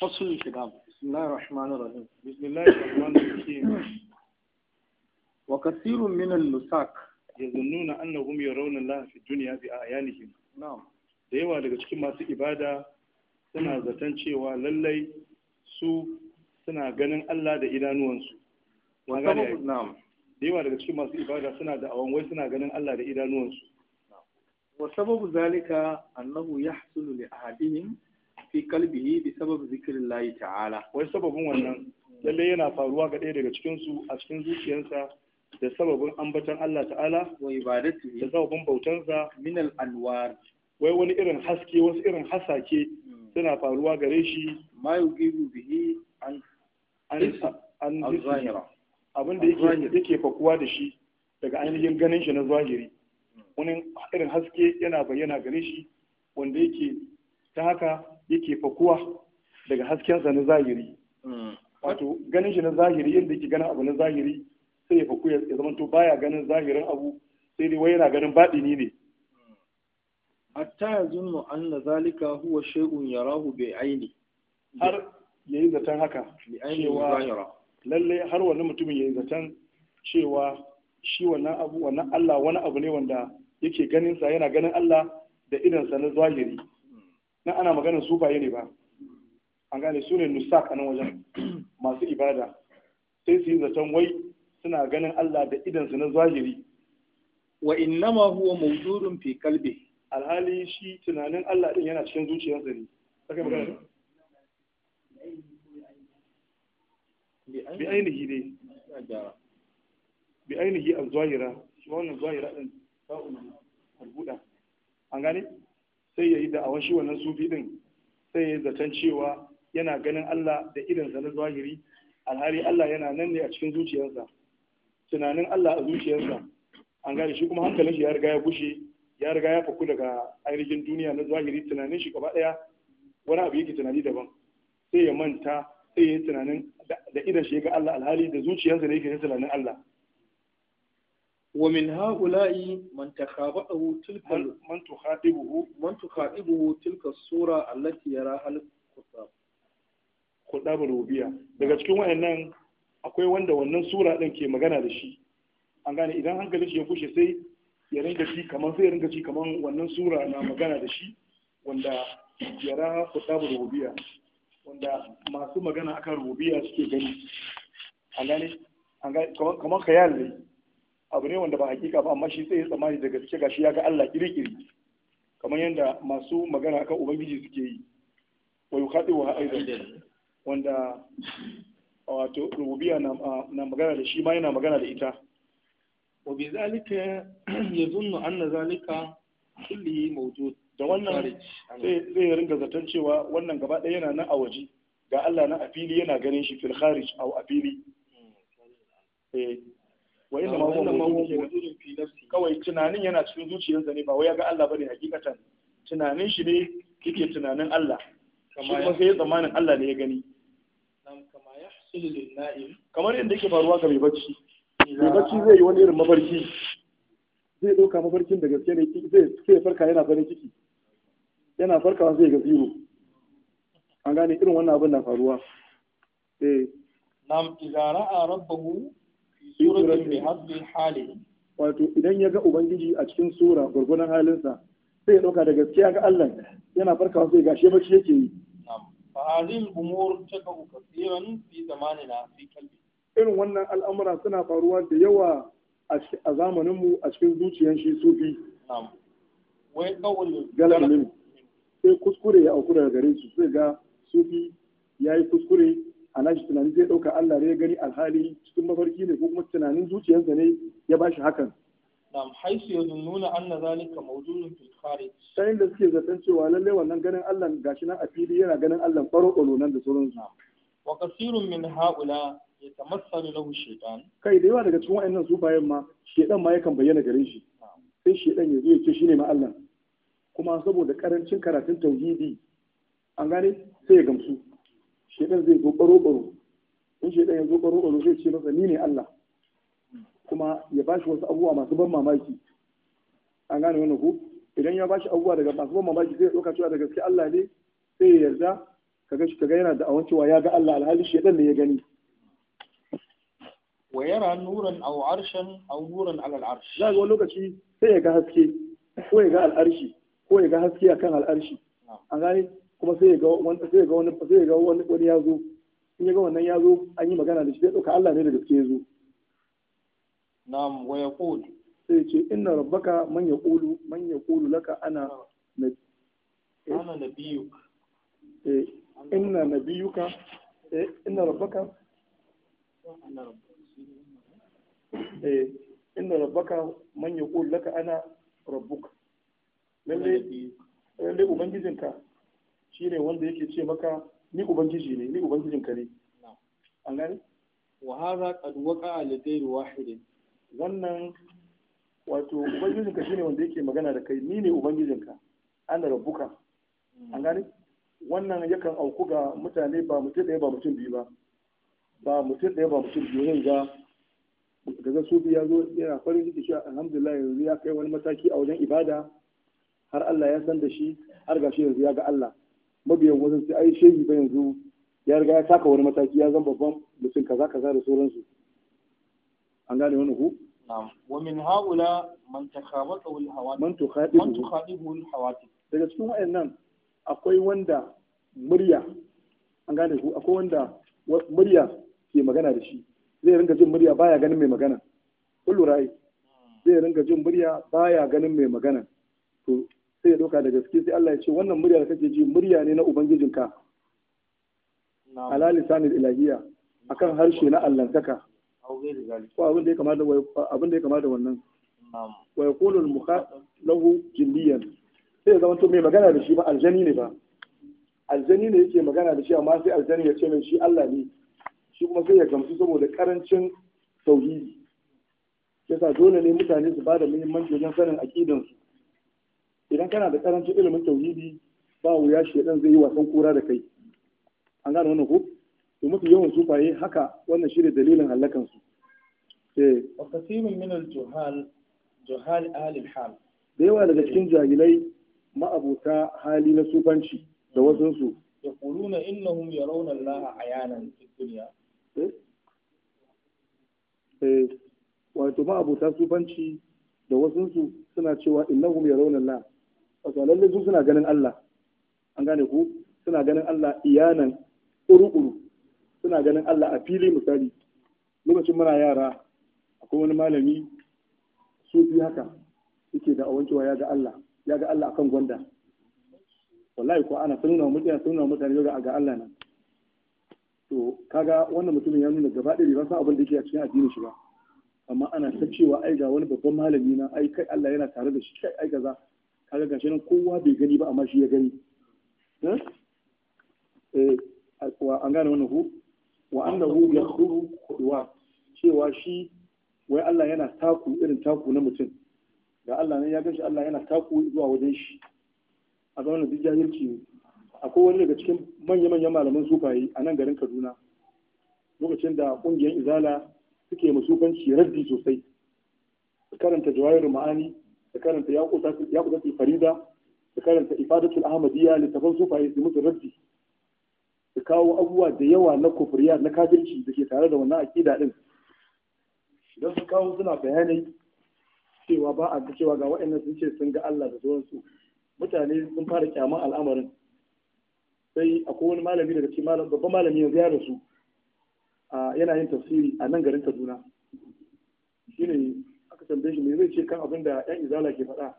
فصل الكتاب بسم الله الرحمن الرحيم بسم الله الرحمن الرحيم وكثير من اللساك يظنون انهم يرون الله في الدنيا بأعيانهم نعم da yawa daga cikin masu ibada suna zaton cewa lallai su suna ganin Allah da idanuwansu da yawa daga cikin masu ibada suna da awon wai suna ganin Allah da idanuwansu wa sababu zalika annahu yahsulu li ahadihim fi kalbihi bi sabab zikrillahi ta'ala wai sababin wannan lalle yana faruwa ga ɗaya daga cikin su a cikin zuciyarsa da sababin ambaton Allah ta'ala wa ibadatu da sababin bautansa min al anwar wai wani irin haske wasu irin hasake suna faruwa gare shi ma yugibu bihi an an zahira abin da yake yake fakuwa da shi daga ainihin ganin shi na zahiri hmm. wani irin haske yana bayyana gare shi wanda yake ta haka yake fakuwa daga haskensa na zahiri hmm. wato ganin shi na zahiri yadda yake ganin abu na zahiri sai ya faku ya zama to baya ganin zahirin abu sai dai wai yana ganin baɗini ne hatta ya an na zalika huwa ya rahu bai aini har ya yi zaton haka cewa lalle har wani mutumin ya yi zaton cewa shi wannan abu wannan Allah wani abu ne wanda yake ganin sa yana ganin Allah da sa na zahiri na ana maganar baye ne ba an gane su ne nusak a nan wajen masu ibada sai su yi zaton wai suna ganin Allah da idansu na zahiri wa innama huwa mawjudun fi qalbi alhali shi tunanin Allah din yana cikin zuciyarsa ne saka magana bi ainihi ne bi ainihi al-zahira shi wannan zahira din sa'un al-buda an gane sai ya yi da'awar shi wannan sufi din sai ya zaton cewa yana ganin Allah da sa na zahiri alhali Allah yana nan ne a cikin zuciyarsa tunanin Allah a zuciyarsa an gane shi kuma hankalin shi ya riga ya bushe ya riga ya faku daga ainihin duniya na zahiri tunanin shi gaba daya wani abu yake tunani daban sai ya manta sai ya yi tunanin da idan shi ga Allah alhali da zuciyarsa ne yake tunanin Allah ومن هؤلاء من تخابئه تلك من تخاطبه من تخاطبه تلك الصوره التي يراها الخطاب خطاب الربيع daga cikin wayannan akwai wanda wannan sura din ke magana da shi an gane idan hankalin shi ya kushe sai ya ringa ci kamar sai ya ringa ji kamar wannan sura na magana da shi wanda yara khutabu rububiyya wanda masu magana akan rububiyya suke gani an gane kaman gane kamar khayal ne abu ne wanda ba hakika ba amma shi sai ya tsammani da gaske gashi ya ga Allah kirkiri kamar yadda masu magana kan ubangiji suke yi wa yukhadiwa aidan wanda wato rububiya na magana da shi ma yana magana da ita wa bi zalika yazunnu anna zalika kulli mawjud da wannan sai zai ringa zaton cewa wannan gaba ɗaya yana nan a waje ga Allah na a fili yana ganin shi fil kharij aw a fili hmm, eh wa inna ma huwa mawjudun fi nafsi kawai tunanin yana cikin zuciyarsa ne ba wai ya ga Allah bane hakikatan tunanin shi ne yake tunanin Allah shi kuma sai zamanin Allah ne ya gani kamar yadda yake faruwa ga mai bacci zai yi wani irin mafarki zai ɗauka mafarkin da gaske ne zai sai farka yana farin ciki yana farkawa zai ga zero an gane irin wannan abin na faruwa eh nam idza ra'a wato idan ya ga ubangiji a cikin sura gurgunan halinsa sai ya dauka da gaskiya ga Allah yana farkawa sai gashe bacci yake yi fa hadhihi al-umur taqaw fi zamanina fi qalbi irin wannan al'amura suna faruwa da yawa a zamaninmu a cikin zuciyan shi sufi galar sai kuskure ya auku daga gare su sai ga sufi ya yi kuskure a nashi tunani zai ɗauka Allah ne ya gani alhali cikin mafarki ne ko kuma tunanin zuciyarsa ne ya ba shi hakan. Nam haisu ya nuna anna zalika mawjudun fil kharij. Ta inda suke zaton cewa lallai wannan ganin Allah gashi nan a fili yana ganin Allah ɓaro nan da sauransu. Wa kasirun min haula ya tamassalu lahu shaytan. Kai da yawa daga cikin wa'annan su bayan ma shaytan ma yakan bayyana gare shi. Sai shaytan ya zo ya ce shine ma Allah. Kuma saboda karancin karatun tauhidi an gane sai ya gamsu. shedan zai zo baro baro in shedan ya zo baro baro zai ce masa ni ne Allah kuma ya bashi wasu abubuwa masu ban mamaki an gane wannan ku idan ya bashi abubuwa daga masu ban mamaki zai dauka cewa da gaske Allah ne sai ya yarda kaga shi kaga yana da awan cewa ya ga Allah alhali shedan ne ya gani wa yara nuran aw arshan aw nuran ala al'arsh za ga lokaci sai ya ga haske ko ya ga al'arshi ko ya ga haske akan al'arshi an gane kuma sai ya ga wani sai ga wani sai ga wani wani ya zo in ya ga wannan ya zo an yi magana da shi sai ɗauka Allah ne da gaske ya zo na'am wa yaqul sai ya ce inna rabbaka man yaqulu man yaqulu laka ana eh? ana nabiyuk eh inna nabiyuka eh inna rabbaka eh inna rabbaka man yaqulu laka ana rabbuka lalle lalle ubangijinka ne wanda yake ce maka ni ubangiji ne ni ubangijin ka ne an gani wa hadha qad waqa li ghayri wahidin wannan wato ubangijin ka shine wanda yake magana da kai ni ne ubangijin ka ana rabbuka hmm. an gani wannan yakan auku ga mutane ba mutum ɗaya ba mutum biyu ba ba mutum ɗaya ba mutum biyu ne ga daga sufi ya zo yana farin ciki shi alhamdulillah yanzu ya kai wani mataki a wajen ibada har Allah ya san da shi har gashi yanzu ya ga Allah mabiyan wasu sai ai shehi ba yanzu ya riga ya saka wani mataki ya zan babban mutum kaza kaza da sauransu an gane wani ku ومن هؤلاء من تخابطه الهواتف من تخاطبه من تخاطبه الهواتف daga cikin wayannan akwai wanda murya an gane ku akwai wanda murya ke magana da shi zai ringa jin murya baya ganin mai magana kullu rai hmm. zai ringa jin murya baya ganin mai magana to sai ya doka da gaske sai Allah ya ce wannan murya da kake ji murya ne na ubangijinka ala lisanil ilahiya akan harshe na allantaka ko abin da ya kamata abin da ya kamata wannan wa yaqulu al-mukha lahu jinniyan sai ya zama to mai magana da shi ba aljani ne ba aljani ne yake magana da shi amma sai aljani ya ce mai shi Allah ne shi kuma sai ya gamsu saboda karancin tauhidi yasa dole ne mutane su bada muhimmanci wajen sanin aqidansu idan kana da karancin ilimin tauhidi ba wuya shedan zai yi wasan kura da kai an gane wannan ko to mafi yawan sufaye haka wannan shi ne dalilin halakan su eh wa kaseerun min al-juhal juhal ahli al-hal da yawa daga cikin jahilai ma'abuta hali na sufanci da wasu su yaquluna innahum yarawna Allah ayanan fid dunya eh, eh. wato ma'abuta sufanci da wasu su suna cewa innahum yarawna Allah wato lalle su suna ganin Allah an gane ku suna ganin Allah iyanan uru-uru suna ganin Allah a fili misali lokacin muna yara akwai wani malami fi haka yake da cewa ya ga Allah ya ga Allah akan gwanda wallahi ko ana sunna mutane wa mutane ga ga Allah nan to kaga wannan mutumin ya nuna gaba ɗaya ba san abin da yake a cikin addinin shi ba amma ana ta cewa ai ga wani babban malami na ai kai Allah yana tare da shi kai ai kaza kaga gashi nan kowa bai gani ba amma shi ya gani eh? Eh, wa an gane wannan hu wa annahu yakhuru khudwa cewa shi wai Allah yana taku irin taku na mutum ga Allah ne ya ganshi Allah yana taku zuwa wajen shi a ga wannan duk jahilci ne akwai wani daga cikin manya-manyan malaman sufaye a nan garin Kaduna lokacin da kungiyar izala suke masufanci raddi sosai karanta jawahir ma'ani da karanta ya kusa farida da karanta ifadatul ahmadiyya littafan sufaye su musu rabbi da kawo abubuwa da yawa na kufriya na kafirci da ke tare da wannan akida din idan su kawo suna bayanai cewa ba a cewa ga waɗannan sun ce sun ga Allah da sauransu mutane sun fara kyamun al'amarin sai akwai wani malami daga cikin malam babban ya yanzu ya rasu yana yin tafsiri a nan garin Kaduna shine aka tambaye shi me zai ce kan abin da yan izala ke faɗa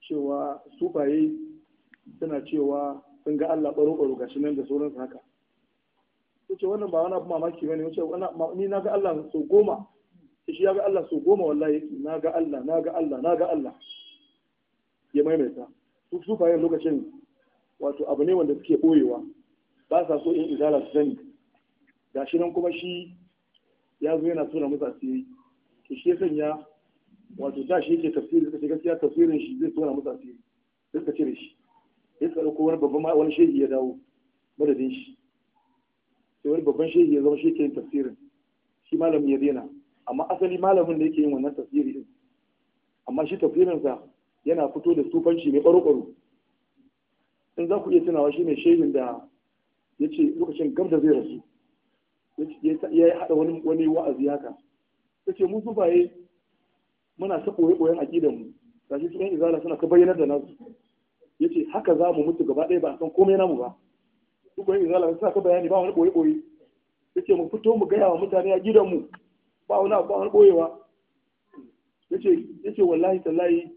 cewa sufaye suna cewa sun ga Allah baro baro gashi nan da sauransu haka wuce wannan ba wani abu mamaki bane wuce ni na ga Allah sau goma shi ya ga Allah sau goma wallahi na ga Allah na ga Allah na ga Allah ya maimaita su sufaye lokacin wato abu ne wanda suke boyewa ba sa so in izala su sani gashi nan kuma shi ya zo yana tura musu asiri shi shi ya sanya wato da shi yake tafsiri suka gaskiya tafsirin shi zai tona musu tafsiri sai ka cire shi sai ka ɗauko wani babban wani shehi ya dawo madadin shi sai wani babban shehi ya zama shi yake yin tafsirin shi malamin ya daina amma asali malamin da yake yin wannan tafsiri din amma shi tafsirinsa yana fito da sufanci mai ɓaro-ɓaro in za ku iya tunawa shi ne shehin da ya ce lokacin gab da zai rasu ya haɗa wani wa'azi haka ta ce mu zubaye muna ta koye-koyen aƙidanmu gashi su ɗan izala suna ta bayyanar da nasu ya ce haka za mu mutu gaba ɗaya ba a san komai namu ba su koyon izala suna ta bayani ba wani koyo-koyi ya ce mu fito mu gaya wa mutane a aƙidanmu ba wani abu ba wani koyewa ya ce wallahi tallahi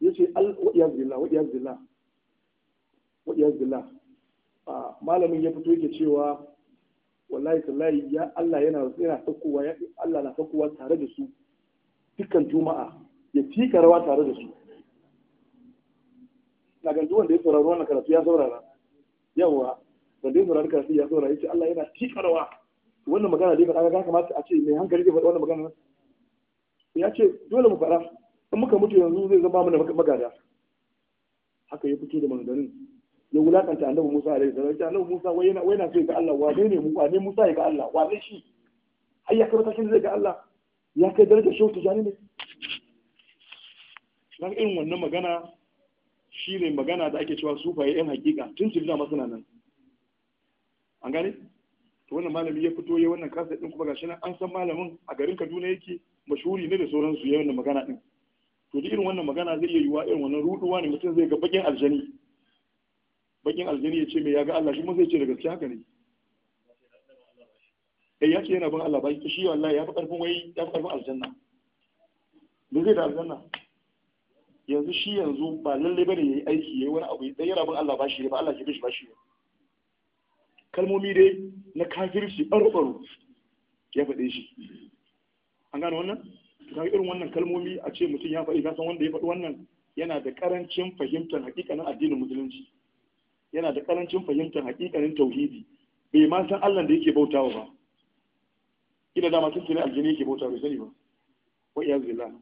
ya ce waɗiyar zilla waɗiyar zilla waɗiyar zilla ah, malamin ya fito yake cewa wallahi tallahi ya Allah yana yana saukowa ya Allah na saukowa tare da su dukkan juma'a ya tika rawa tare da su na ga wanda ya saurara wannan karatu ya saurara yawa da dai saurari karatu ya saurara yace Allah yana tika rawa wannan magana dai faɗa ga kamata a ce mai hankali ke faɗa wannan magana ya ce dole mu fara in muka mutu yanzu zai zama mana magada haka ya fito da manganin ya wulakanta annabi Musa alaihi salam ya annabi Musa wai yana wai yana so ga Allah wa ne mu ne Musa ya ga Allah wa ne shi ayya ya kai matakin zai ga Allah ya kai darajar shehu jani ne dan irin wannan magana shi ne magana da ake cewa sufaye yan hakika tun tun ma suna nan an gane to wannan malami ya fito ya wannan kasa din kuma gashi nan an san malamin a garin Kaduna yake mashhuri ne da sauransu ya wannan magana din to duk irin wannan magana zai iya yiwa irin wannan ruduwa ne mutum zai ga bakin aljani bakin aljini ya ce mai ya ga Allah shi mun zai ce da gaske haka ne eh ya ce yana bin Allah ba shi wallahi ya fi karfin wai ya fi karfin aljanna me zai da aljanna yanzu shi yanzu ba lalle bane yayi aiki yayi wani abu dai yana bin Allah ba shi ba Allah ke bishi ba shi kalmomi dai na kafirci barbaro ya faɗe shi an gane wannan ka irin wannan kalmomi a ce mutum ya faɗi ka san wanda ya faɗi wannan yana da karancin fahimtar hakikanin addinin musulunci yana da karancin fahimtar hakikanin tauhidi bai ma san Allah da yake bautawa ba kila da masu tsira aljini yake bautawa bai sani ba wa ya billah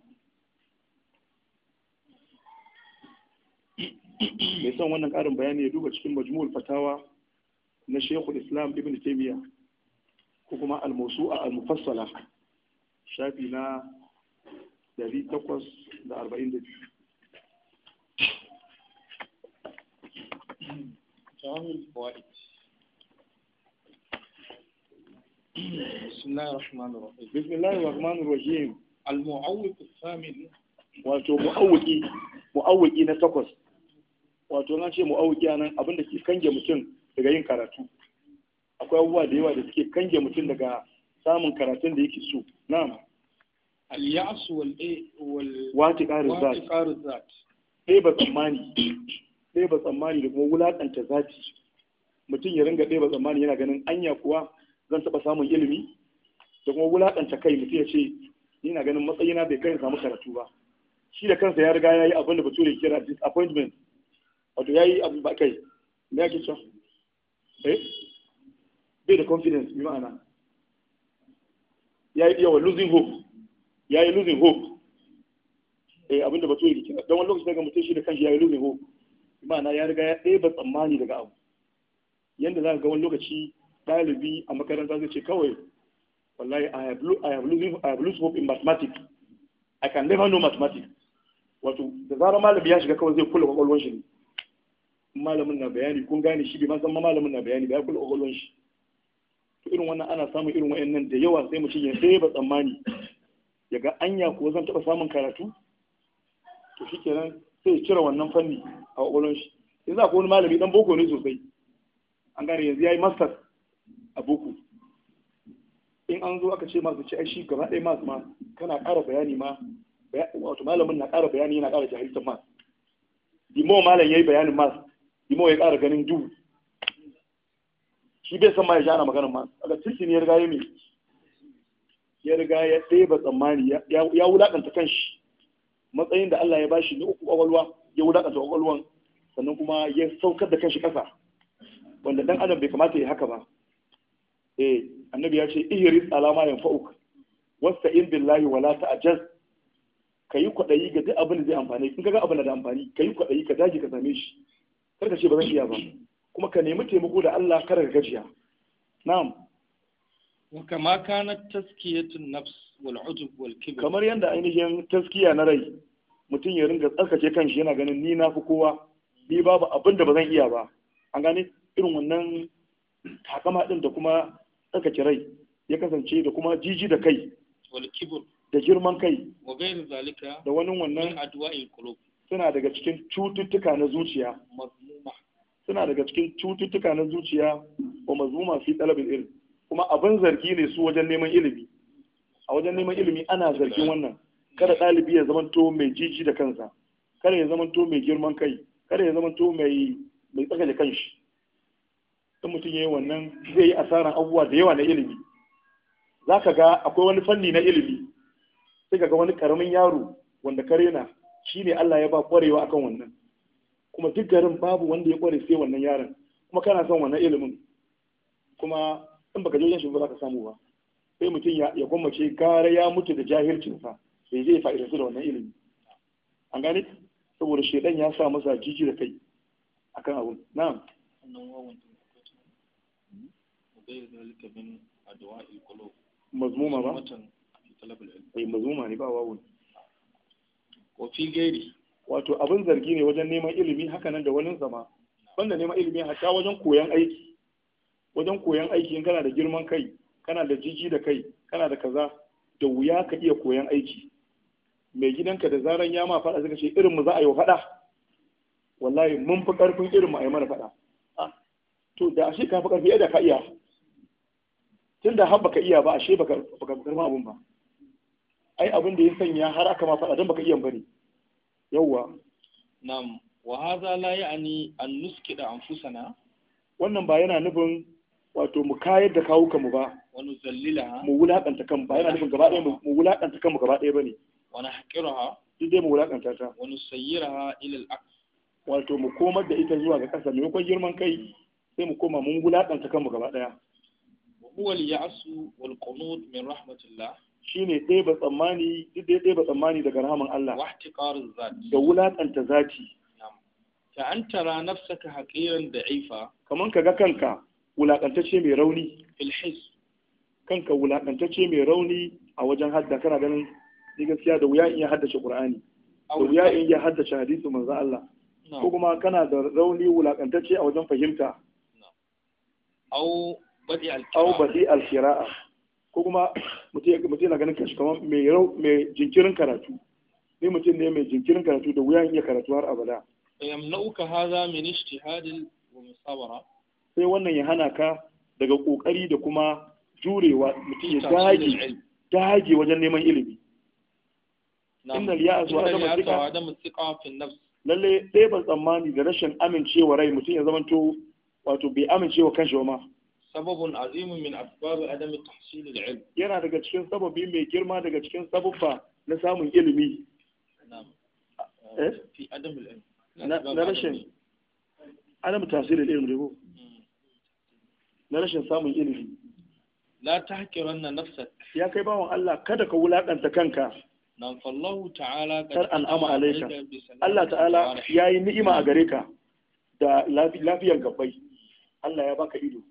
mai son wannan karin bayani ya duba cikin majmu'ul fatawa na Sheikhul Islam Ibn Taymiyyah ko kuma al-mawsu'a al-mufassala shafi na 842 جوامع الفوائد بسم الله الرحمن الرحيم بسم الله الرحمن الرحيم المعوق الثامن wato mu'awwiki mu'awwiki na takwas wato na ce mu'awwiki anan abinda ke kange mutum daga yin karatu akwai abubuwa da yawa da suke kange mutum daga samun karatun da yake so na'am al-ya'su wal wal ɗeba tsammani ɗeba tsammani da kuma wulaƙanta zafi mutum ya ringa ɗeba tsammani yana ganin anya kuwa zan taɓa samun ilimi da kuma wulaƙanta kai mutum ya ce yana ganin matsayina bai kai samu karatu ba shi da kansa ya riga ya yi abin da bature kira disappointment wato ya yi abin ba kai me ya can. eh bai da confidence mai ma'ana ya yi yawa losing hope ya yi losing hope eh abin da bature kira don wani lokaci daga mutum shi da kansa ya yi losing hope ma'ana ya riga ya ɗeba tsammani daga abu yadda za ka ga wani lokaci ɗalibi a makaranta zai ce kawai wallahi I have, I I lose hope in mathematics I can never know mathematics wato da zarar malami ya shiga kawai zai kula kwakwalwar shi ne malamin na bayani kun gane shi bai ma san malamin na bayani bai kula kwakwalwar shi to irin wannan ana samun irin wayannan da yawa sai mu shige sai ba tsammani yaga anya ko zan taba samun karatu to shikenan sai ya cire wannan fanni a ƙwaƙwalon shi yanzu akwai wani malami dan boko ne sosai an gane yanzu ya yi masters a boko in an zo aka ce masu ci ai shi gaba ɗaya masu ma kana ƙara bayani ma wato malamin na ƙara bayani yana ƙara jahilcin mas dimo malam ya yi bayanin mas dimo ya ƙara ganin duhu shi bai san ma ya ana maganin mas aka tilki ne ya riga ya mai ya riga ya ba tsammani ya wulaƙanta kan shi. matsayin da Allah ya bashi na uku kwakwalwa ya wulakanta kwakwalwan sannan kuma ya saukar da kanshi ƙasa wanda dan adam bai kamata ya haka ba eh annabi ya ce ya alama yanfa'uk in billahi wala ta'jaz kayi kwadayi ga duk abin da zai amfane in kaga abin da amfani kayi kwadayi ka dage ka same shi kar ka ce ba zan iya ba kuma ka nemi taimako da Allah kar ka gajiya na'am wa kama kanat tazkiyatun nafs kamar yadda ainihin taskiya na rai mutum ya ringa tsarkace kanshi yana ganin ni na fi kowa ni babu abin da ba zan iya ba an gane irin wannan takama din da kuma tsarkace rai ya kasance da kuma jiji da kai da girman kai da wani wannan suna daga cikin cututtuka na zuciya suna daga cikin cututtuka na zuciya wa mazmuma fi talabin ilmi kuma abin zargi ne su wajen neman ilimi a wajen neman ilimi ana zargin wannan kada ɗalibi ya zamanto mai jiji da kansa kada ya zamanto mai girman kai kada ya zamanto mai mai tsaka da kanshi in mutum ya yi wannan zai yi asaran abubuwa da yawa na ilimi za ka ga akwai wani fanni na ilimi sai ka ga wani karamin yaro wanda kare na shi ne Allah ya ba kwarewa akan wannan kuma duk garin babu wanda ya kware sai wannan yaron kuma kana son wannan ilimin kuma in baka je wajen shi ba za ka samu ba sai mutum ya gwammace gara ya mutu da jahilcinsa bai zai fa'idansu da wannan ilimi an gane saboda shaidan ya sa masa jiji da kai kan abu na'am mazmuma ba bai eh, mazmuma ne ba wawun kofi gairi wato abin zargi ne wajen neman ilimi nan da wani zama wanda neman ilimi hatta wajen koyan aiki wajen koyan aiki in kana da girman kai kana da jiji da kai kana da kaza da wuya ka iya koyan aiki mai gidanka da zaran ya ma faɗa suka ce irin mu za a yi wa faɗa wallahi mun fi ƙarfin irin mu a yi mana faɗa to da ashe ka fi ƙarfi yadda ka iya tun da har baka iya ba ashe baka baka karma abun ba ai abin da ya sanya har aka ma faɗa don baka iya bane yawwa nam wa hadha la ya'ni an nuskida anfusana wannan ba yana nufin wato mu kayar da kawo mu ba wani zallila mu wulakanta kan ba yana nufin gaba ɗaya mu wulakanta kan gaba ɗaya bane wani ha duk dai mu wulakanta ta wani ha ilal aks wato mu komar da ita zuwa ga ƙasa maimakon girman kai sai mu koma mun wulakanta kan mu gaba ɗaya ya al-ya'su wal qunut min rahmatillah shine ɗaya ba tsammani duk dai ɗaya ba tsammani daga rahaman Allah wa zati da wulakanta zati ta an tara nafsaka haqiran da'ifa kaman kaga kanka wulaƙantacce mai rauni ilhis kanka wulaƙantacce mai rauni a wajen hadda kana ganin ni gaskiya da wuya in ya haddace qur'ani da wuya in ya haddace hadisi manzo Allah ko kuma kana da rauni wulaƙantacce a wajen fahimta au badi al-qira'a ko kuma mutum yana ganin kashi kamar mai jinkirin karatu ni mutum ne mai jinkirin karatu da wuya in ya karatu har abada yamna'uka hadha min ijtihadin wa musabara sai wannan ya hana ka daga ƙoƙari da kuma jurewa mutum ya dage dage wajen neman ilimi innal ya'as wa adamu thiqa fi nafs lalle sai ban tsammani da rashin amincewa rai mutum ya zama to wato bai amincewa kanshi ma sababun azimun min asbab adam tahsil al-ilm yana daga cikin sababi mai girma daga cikin sababba na samun ilimi eh? na rashin adam tahsil al-ilm hmm. na rashin samun ilimi la na nafsak ya kai bawan Allah kada ka wulakanta kanka nan fallahu ta'ala kar an'ama alaika Allah ta'ala yayi ni'ima a gare ka da lafiyar gabbai Allah ya baka ido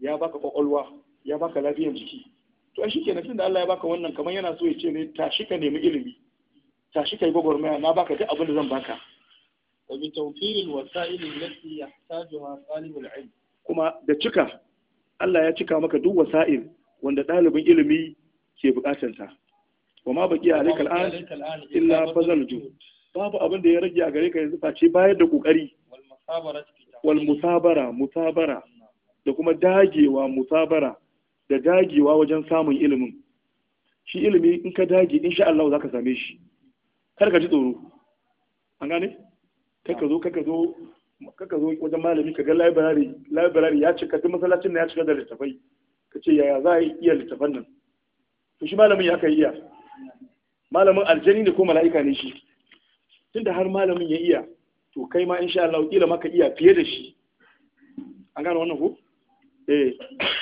ya baka ƙwaƙwalwa, ya baka lafiyar jiki to ai shike na da Allah ya baka wannan kamar yana so ya ce ne tashi ka nemi ilimi tashi kai gwagwarmaya na baka duk abin da zan baka wa bi tawfiril wasa'ilin lati yahtajuha talibul ilm kuma da cika Allah ya cika maka duk wasa'il wanda ɗalibin ilimi ke buƙatarsa wa ma baki alayka an illa fazal ju babu abin da ya rage a gare ka yanzu face bayar da kokari wal musabara musabara da kuma dagewa musabara da dagewa wajen samun ilimin shi ilimi in ka dage insha Allah zaka same shi kar ka ji tsoro an gane kar ka zo kar ka zo kaka zo wajen malami ka ga library library ya cika duk masallacin na ya cika da littafai ka ce yaya za a yi iya littafan nan to shi malamin ya kai iya malamin aljani ne ko mala'ika ne shi tunda har malamin ya iya to kai ma insha Allah kila maka iya fiye da shi an gane wannan ko eh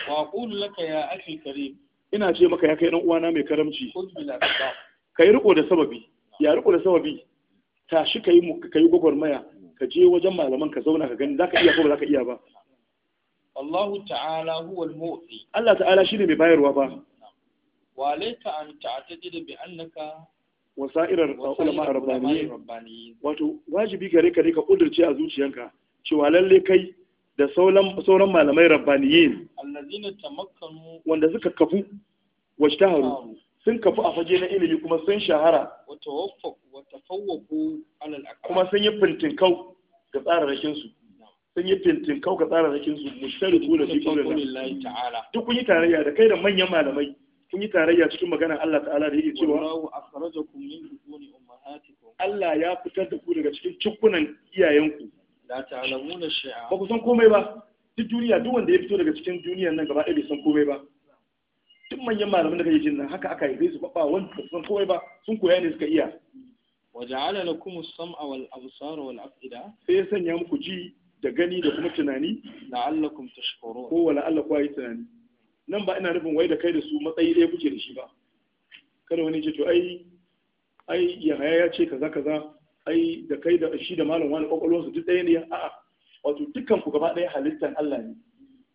wa aqulu laka ya akhi karim ina ce maka ya kai dan uwana mai karamci kai riko da sababi ya riko da sababi tashi kai mu kai gwagwarmaya ka je wajen malaman ka zauna ka gani zaka iya ko ba zaka iya ba Allahu ta'ala huwa al-mu'ti Allah ta'ala shine mai bayarwa ba wa laita an ta'tadid bi annaka wasa'irar ulama rabbani wato wajibi gare ka ne ka kudurce a zuciyanka cewa lalle kai da sauran malamai rabbaniyin wanda suka kafu wajtaharu sun kafu a fage na ilimi kuma sun shahara kuma sun yi fintinkau ga tsararrakinsu sun yi fintinkau ga tsararrakinsu mushtari kula fi kula duk kun yi tarayya da kai da manyan malamai kun yi tarayya cikin maganar Allah ta'ala da yake cewa Allah ya fitar da ku daga cikin cikkunan iyayenku ba ku san komai ba duk duniya duk wanda ya fito daga cikin duniyar nan gaba ɗaya bai san komai ba tun manyan malaman da kake jin nan haka aka haife su ba wanda kusan kowai ba sun koya ne suka iya waja'ala lakum as-sam'a wal absar wal af'ida sai ya sanya muku ji da gani da kuma tunani la'allakum tashkurun ko wala Allah ku yi tunani nan ba ina nufin wai da kai da su matsayi ɗaya kuke da shi ba kada wani ya ce to ai ai haya ya ce kaza kaza ai da kai da shi da malam wani kwakwalwarsu duk ɗaya ne a'a wato dukkan ku gaba ɗaya halittar Allah ne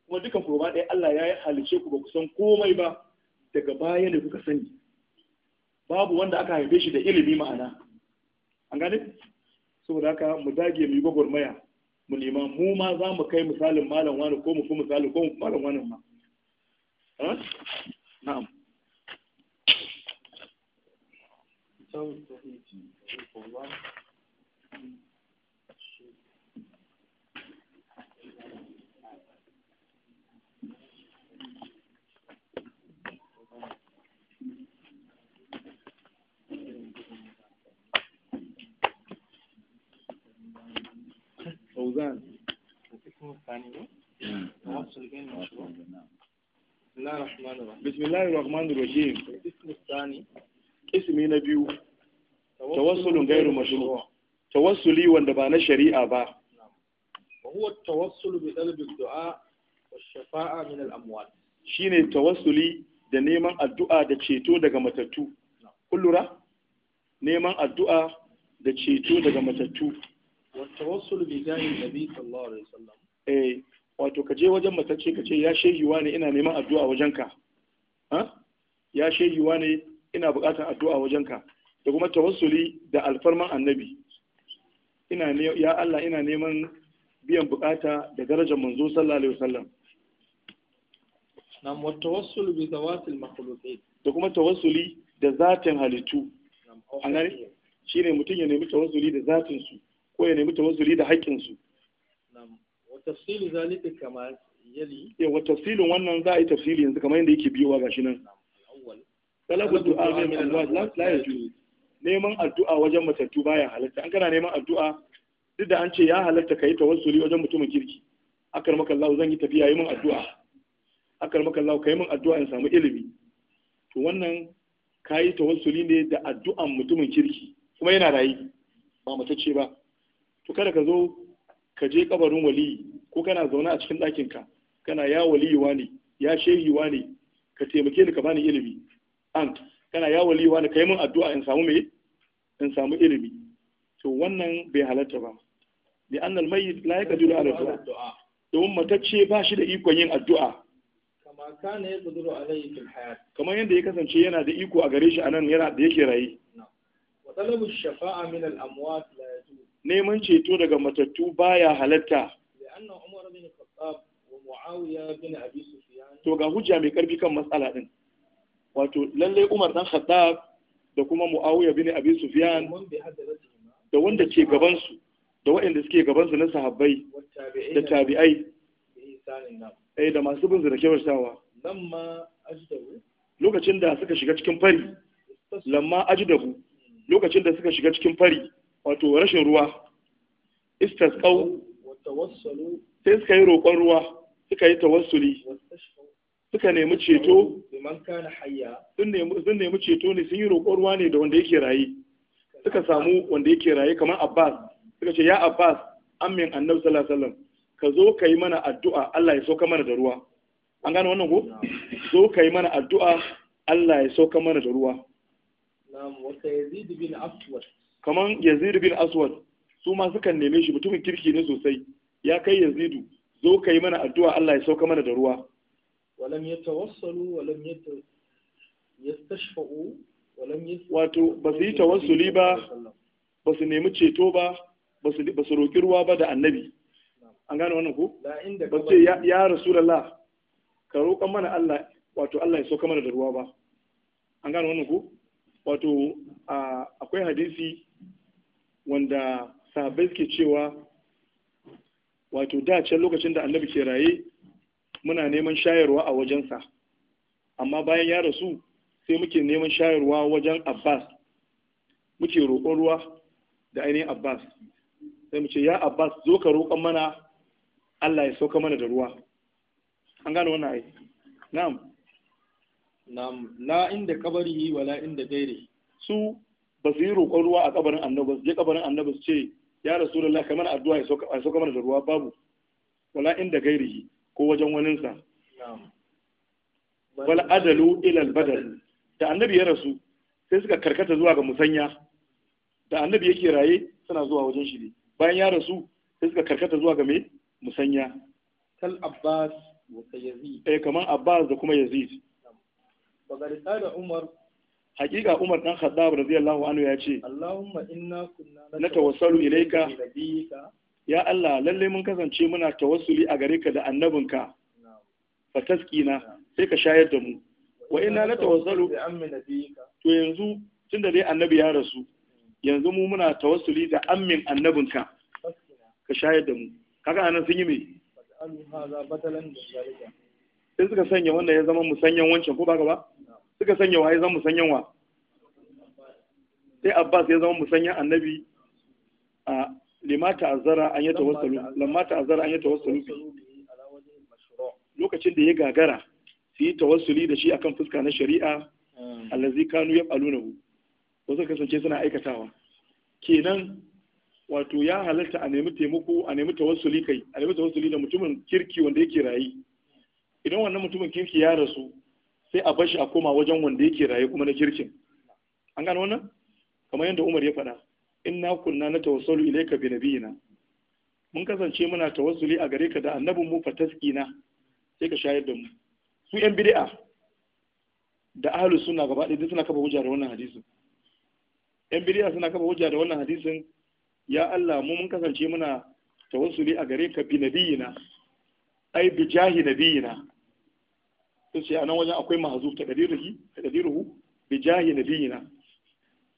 kuma dukkan ku gaba ɗaya Allah ya halice ku ba ku san komai ba daga baya ne kuka sani babu wanda aka haife shi da ilimi ma'ana an gane saboda haka mu dage mu yi gwagwarmaya mu nema mu ma za mu kai misalin malam wani ko mu fi misalin ko mu malam wani ma na'am الفاصل بسم الله الرحمن الرحيم الاسم الثاني اسمي نبيو غير مشروع wanda ba na shari'a ba shine tawassuli da neman addu'a da ceto daga matattu kullura neman addu'a da ceto daga matattu wa tawassul bi nabi sallallahu alaihi wasallam eh wato ka je wajen matacce ka ce ya shehiwa ne ina neman addu'a wajenka ya shehiwa ne ina buƙatar addu'a wajenka da kuma tawassuli da alfarman annabi ya Allah ina neman biyan bukata da darajar manzo sallallahu alaihi wasallam nam wa tawassul bi zawatil makhluqin da kuma tawassuli da zatin halittu anan shine mutum ya nemi tawassuli da zatin su ko ya nemi tawassuli da haƙƙin su tafsilu zalika kamar yali yawa tafsilin wannan za a yi tafsili yanzu kamar yadda yake biyowa gashi nan talabu du'a min al-wajh la yajuz neman addu'a wajen matattu baya halatta an kana neman addu'a duk da an ce ya halatta kai tawassuli wajen mutumin kirki akar maka Allah zan yi tafiya yi min addu'a akar maka Allah kai min addu'a in samu ilimi to wannan kayi tawassuli ne da addu'an mutumin kirki kuma yana rayi ba matacce ba to kada ka zo ka je kabarin waliyi ko kana zaune a cikin ɗakinka kana ya waliyuwa ne ya shehiwa ne ka taimake ni ka bani ilimi an kana ya waliyuwa ne ka yi min addu'a in samu me in samu ilimi to wannan bai halatta ba bi anna al mayyit la yaqdiru ala du'a domin matacce ba shi da ikon yin addu'a kama kana yaqdiru alayhi fil hayat kamar yanda ya kasance yana da iko a gare shi anan yana da yake rayi wa talabu shafa'a min al amwat la yajuz neman ceto daga matattu baya halatta anna umar bin khattab wa muawiya bin abi sufyan to ga hujja mai karfi kan matsala din wato lalle umar dan khattab da kuma muawiya bin abi sufyan da wanda ke gaban su da waɗanda suke gaban su na sahabbai da tabi'ai eh da masu bin da kyautatawa lamma ajdahu lokacin da suka shiga cikin fari lamma ajdahu lokacin da suka shiga cikin fari wato rashin ruwa istasqau sai suka yi roƙon ruwa suka yi tawassuli suka nemi ceto sun nemi ceto ne sun yi roƙon ruwa ne da wanda yake raye suka samu wanda yake raye kamar Abbas suka ce ya Abbas amin annabi sallallahu alaihi wasallam ka zo ka yi mana addu'a Allah ya sauka mana da ruwa an gane wannan ko zo ka yi mana addu'a Allah ya sauka mana da ruwa Kamar Yazid bin Aswad su ma sukan neme shi mutumin kirki ne sosai ya kai yazidu zo ka yi mana addu'a Allah ya sauka mana da ruwa walam yatawassalu walam yastashfa'u walam wato ba su yi tawassuli ba ba su nemi ceto ba ba su roƙi ruwa ba da annabi an gane wannan ko ba ce ya rasulullah ka roƙan mana Allah wato Allah ya sauka mana da ruwa ba an gane wannan ko wato akwai hadisi wanda sahabbai suke cewa wato da can lokacin da annabi ke raye muna neman shayarwa a wajensa amma bayan ya rasu sai muke neman shayarwa wajen abbas muke roƙon ruwa da ainihin abbas sai mu ce ya abbas zo ka roƙon mana allah ya sauka mana da ruwa an gane wannan ai na'am na'am la inda kabari wala inda gairi su ba su yi roƙon ruwa a kabarin annabas je kabarin annabas su ce ya rasulullah kai mana addu'a ya sauka mana da ruwa babu wala inda gairihi ko wajen waninsa wala adalu ila badal da annabi ya rasu sai suka karkata zuwa ga musanya da annabi yake raye suna zuwa wajen shi ne bayan ya rasu sai suka karkata zuwa ga me musanya kal abbas wa yazid eh kamar abbas da kuma yazid wa garisa da umar hakika Umar dan Khattab radiyallahu anhu ya ce Allahumma inna kunna ya Allah lalle mun kasance muna tawassuli a gare ka da annabinka fa taskina sai ka shayar da mu wa inna natawassalu bi ammi to yanzu tunda dai annabi ya rasu yanzu mu muna tawassuli da ammin annabinka ka shayar da mu kaga anan sun yi me sai suka sanya wannan ya zama musanyan wancan ko ba ka suka sanya wa ya zama musanyan wa sai abbas ya zama musanyan annabi a lima azara an yi tawassalu lamma ta'azzara an yi tawassalu lokacin da ya gagara su yi tawassuli da shi akan fuska na shari'a allazi kanu yaf'alunahu wasu kasance suna aikatawa kenan wato ya halatta a nemi taimako a nemi tawassuli kai a nemi tawassuli da mutumin kirki wanda yake rayi idan wannan mutumin kirki ya rasu sai a bashi a koma wajen wanda yake raye kuma na kirkin an gano wannan kamar yadda Umar ya faɗa inna kunna na tawassulu ilayka bi nabiyina mun kasance muna tawassuli a gare ka da annabin mu fataskina sai ka shayar da mu su yan bid'a da ahlus sunna gaba ɗaya suna kafa hujja da wannan hadisin yan bid'a suna kafa hujja da wannan hadisin ya Allah mu mun kasance muna tawassuli a gare ka bi nabiyina ai bi jahi nabiyina sai ce a nan wajen akwai mahazuf ta kadiruhi ta kadiruhu bi jahi nabiyina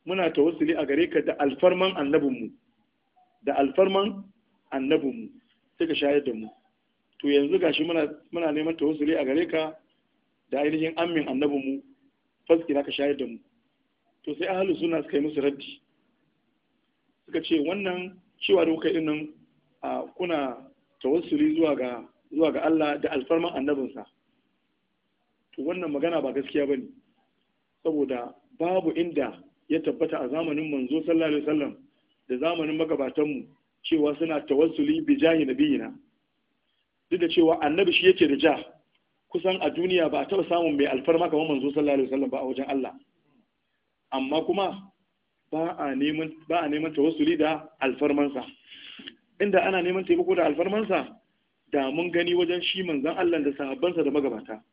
muna tawassuli a gare ka da alfarman annabinmu da alfarman annabinmu sai ka shayar da mu to yanzu gashi muna muna neman tawassuli a gare ka da ainihin amin annabinmu faski ka shayar da mu to sai ahlus sunna suka yi musu raddi suka ce wannan cewa da kuka dinnan kuna tawassuli zuwa ga zuwa ga Allah da alfarman annabinsa to wannan magana ba gaskiya bane saboda babu inda ya tabbata a zamanin manzo sallallahu alaihi wasallam da zamanin magabatanmu cewa suna tawassuli bi jahi nabiyina duk da cewa annabi shi yake da ja kusan a duniya ba a taɓa samun mai alfarma kamar manzo sallallahu alaihi wasallam ba a wajen Allah amma kuma ba a neman ba a neman tawassuli da alfarmansa inda ana neman taimako da alfarmansa da mun gani wajen shi manzon Allah da sahabbansa da magabata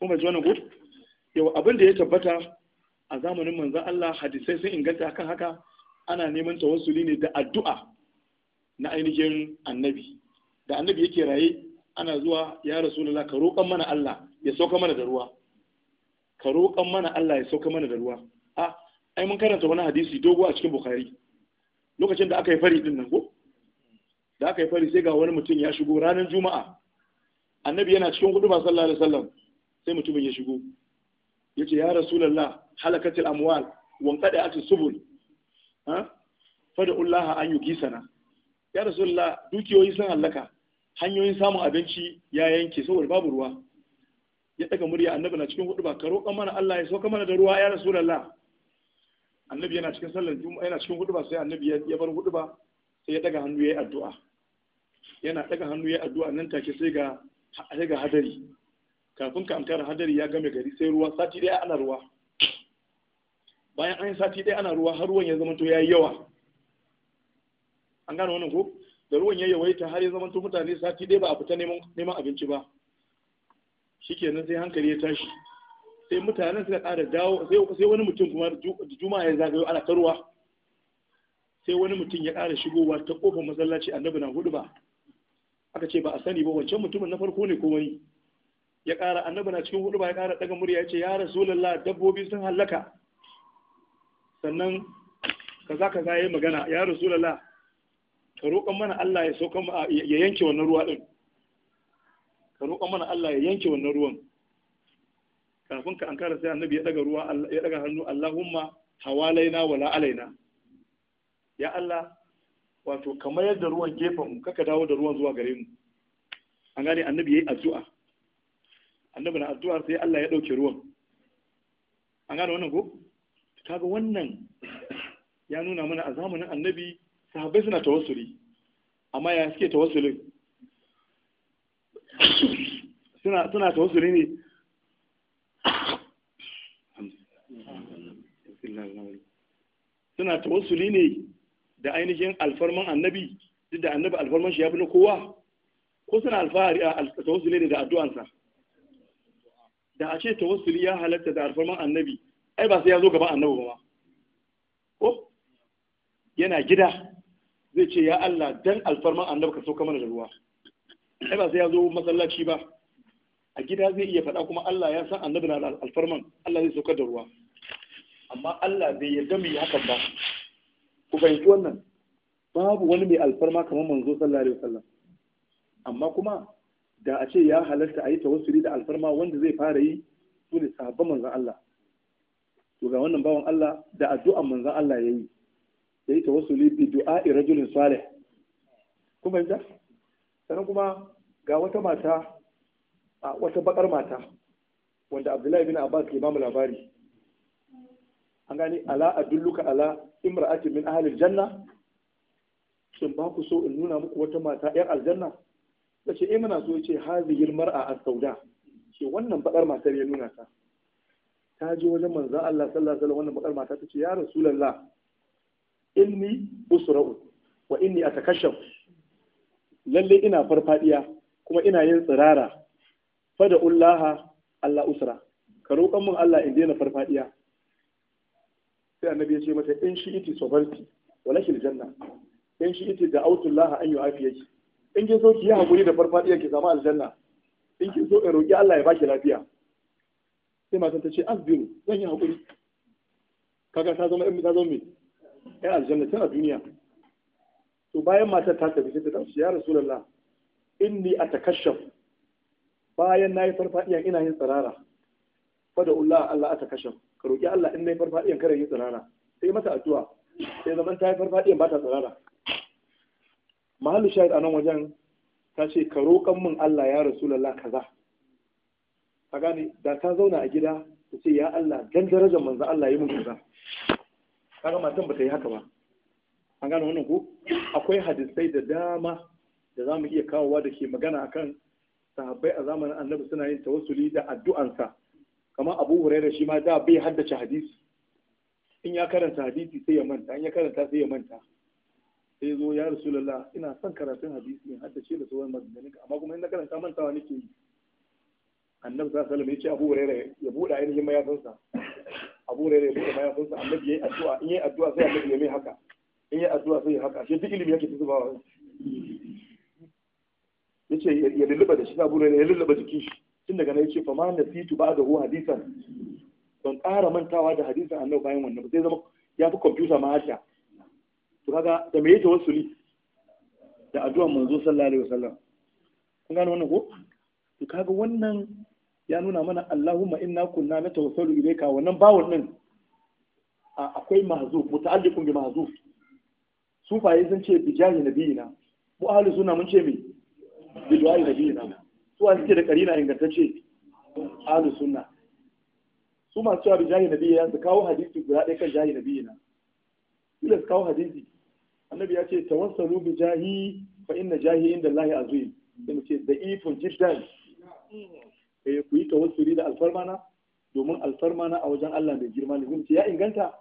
kuma ji wannan gudu yau abin da ya tabbata a zamanin manzan Allah hadisai sun inganta akan haka ana neman tawassuli ne da addu'a na ainihin annabi da annabi yake raye ana zuwa ya rasulullah ka roƙan mana Allah ya sauka mana da ruwa ka roƙan mana Allah ya sauka mana da ruwa a ai mun karanta wani hadisi dogo a cikin bukhari lokacin da aka yi fari din nan ko da aka yi fari sai ga wani mutum ya shigo ranar juma'a annabi yana cikin hudu ba sallallahu alaihi wasallam sai mutumin ya shigo ya ce ya rasulallah halakatil amwal wanqada atis subul ha Ullaha an sana. ya rasulullah dukiyoyi sun hallaka hanyoyin samun abinci ya yanke saboda babu ruwa ya daga murya annabi na cikin hudu ba ka roƙa mana Allah ya sauka mana da ruwa ya rasulullah annabi yana cikin sallar juma'a yana cikin hudu ba sai annabi ya bar hudu ba sai ya daga hannu yayi addu'a yana daga hannu yayi addu'a nan take sai ga sai ga hadari kafin ka amtara hadari ya game gari sai ruwa sati daya ana ruwa bayan an yi sati daya ana ruwa har ruwan ya zama to yayi yawa an gane wannan ko da ruwan ya yawaita har ya zama to mutane sati daya ba a fita neman abinci ba shikenan sai hankali ya tashi sai mutanen suka ƙara dawo sai wani mutum kuma juma'a ya zagayo ana ta ruwa sai wani mutum ya ƙara shigowa ta kofar masallaci annabi na hudu ba aka ce ba a sani ba wancan mutumin na farko ne ko wani ya ƙara annabi na cikin hudu ba ya ƙara daga murya ya ce ya rasulullah dabbobi sun hallaka sannan kaza kaza yayi magana ya rasulullah ka roƙon mana Allah ya sauka ya yanke wannan ruwa ɗin ka roƙon mana Allah ya yanke wannan ruwan kafin ka ankara sai annabi ya daga ruwa ya daga hannu Allahumma hawalaina wala alaina ya Allah wato kamar yadda ruwan gefen mu kaka dawo da ruwan zuwa gare mu an gane annabi yayi addu'a annabi na addu'a sai Allah ya dauke ruwan an gane wannan ko kaga wannan ya nuna mana a zamanin annabi sahabbai suna tawassuli amma ya suke tawassulin suna suna tawassuli ne suna tawassuli ne da ainihin alfarman annabi duk da annabi alfarman shi ya fi na kowa ko suna alfahari a tawassuli ne da addu'ansa da a ce tawassuli ya halatta da alfarman annabi ai ba sai ya zo gaban annabi ba ko yana gida zai ce ya Allah dan alfarman annabi ka sauka mana da ruwa ai ba sai ya zo masallaci ba a gida zai iya faɗa kuma Allah ya san annabi na alfarman Allah zai saukar da ruwa amma Allah bai yarda mu yi hakan ba ku fahimci wannan babu wani mai alfarma kamar manzo sallallahu alaihi wasallam amma kuma da a ce ya halarta a yi tawassuri da alfarma wanda zai fara yi su ne sahabban manzan Allah to ga wannan bawan Allah da addu'an manzan Allah ya yi ya yi tawassuli bi du'a'i rajulin salih Kuma yi sannan kuma ga wata mata a wata bakar mata wanda Abdullahi bin Abbas ke bamu labari an gani ala dulluka ala imra'atin min ahli janna sun ba ku so in nuna muku wata mata yar aljanna ta ce imana eh, so ce hazihil mar'a a sauda ce wannan bakar matar ya nuna ta ta je wajen manza Allah sallallahu alaihi wasallam wannan bakar mata ta ce ya rasulullah ilmi usra'u wa inni atakashaf lalle ina farfadiya kuma ina yin tsirara fada ullaha Allah usra ka roƙon mun Allah in daina farfadiya sai annabi ya ce mata in shi iti sobarti walakin janna in shi iti da autullaha an afiyaki in kin so ki yi hakuri da farfadiyar ki samu aljanna in kin so in roki Allah ya baki lafiya sai matan ta ce azbiru zan yi hakuri kaga ta zama ta zama mai yan aljanna tana duniya to bayan matar ta tafi sai ta tafi ya rasulullah inni atakashaf bayan nayi farfadiya ina yin tsirara fada ulla Allah atakashaf ka roki Allah in nayi farfadiyan kare yin tsirara sai mata addu'a sai zaman ta yi farfadiyan ba ta tsirara mahallu shahid a nan wajen ta ce ka roƙon min Allah ya rasulullah kaza ka gane da ta zauna a gida ta ce ya Allah dan darajar manzo Allah ya yi min kaza kaga matan ba ta yi haka ba an gane wannan ko akwai hadisai da dama da zamu iya kawowa da ke magana akan sahabbai a zamanin annabi suna yin tawassuli da addu'ansa kamar Abu Hurairah shi ma da bai haddace hadisi in ya karanta hadisi sai ya manta in ya karanta sai ya manta sai zo ya rasulullah ina son karatun hadisi in haddace da sauran maganganun amma kuma in na karanta mantawa nake yi annabi sallallahu alaihi ya ce abu hurairah ya buɗe ainihin mayafinsa abu hurairah ya buɗe mayafinsa annabi yi addu'a in yayi addu'a sai annabi ya mai haka in ya yi addu'a sai ya haka shi duk ilimi yake zubawa yace ya ce ya lulluba da shi abu hurairah ya lulluba jikin shi tun daga nan yace fa ma na nasitu ba'da hu hadisan ban ƙara mantawa da hadisan annabi bayan wannan sai zama ya fi kwamfuta ma haka to kaga da me yake wasuli da addu'ar manzo sallallahu alaihi wasallam kun gane wannan ko to kaga wannan ya nuna mana Allahumma inna kunna natawassalu ilayka wannan bawon nan akwai mahzu muta'alliqun bi mahzuf sufaye sun ce bi jahi nabiyina mu ahli sunna mun ce me bi du'ai nabiyina su a suke da karina ingantacce ahli sunna su masu cewa bi jahi nabiyina su kawo hadisi guda ɗaya kan jahi nabiyina ila su kawo hadisi annabi ya ce tawassalu bi jahi fa inna jahi inda Allah azim sai mu ce da'ifun jiddan eh ku yi tawassuli da alfarmana domin alfarmana a wajen Allah da girma ne mun ce ya inganta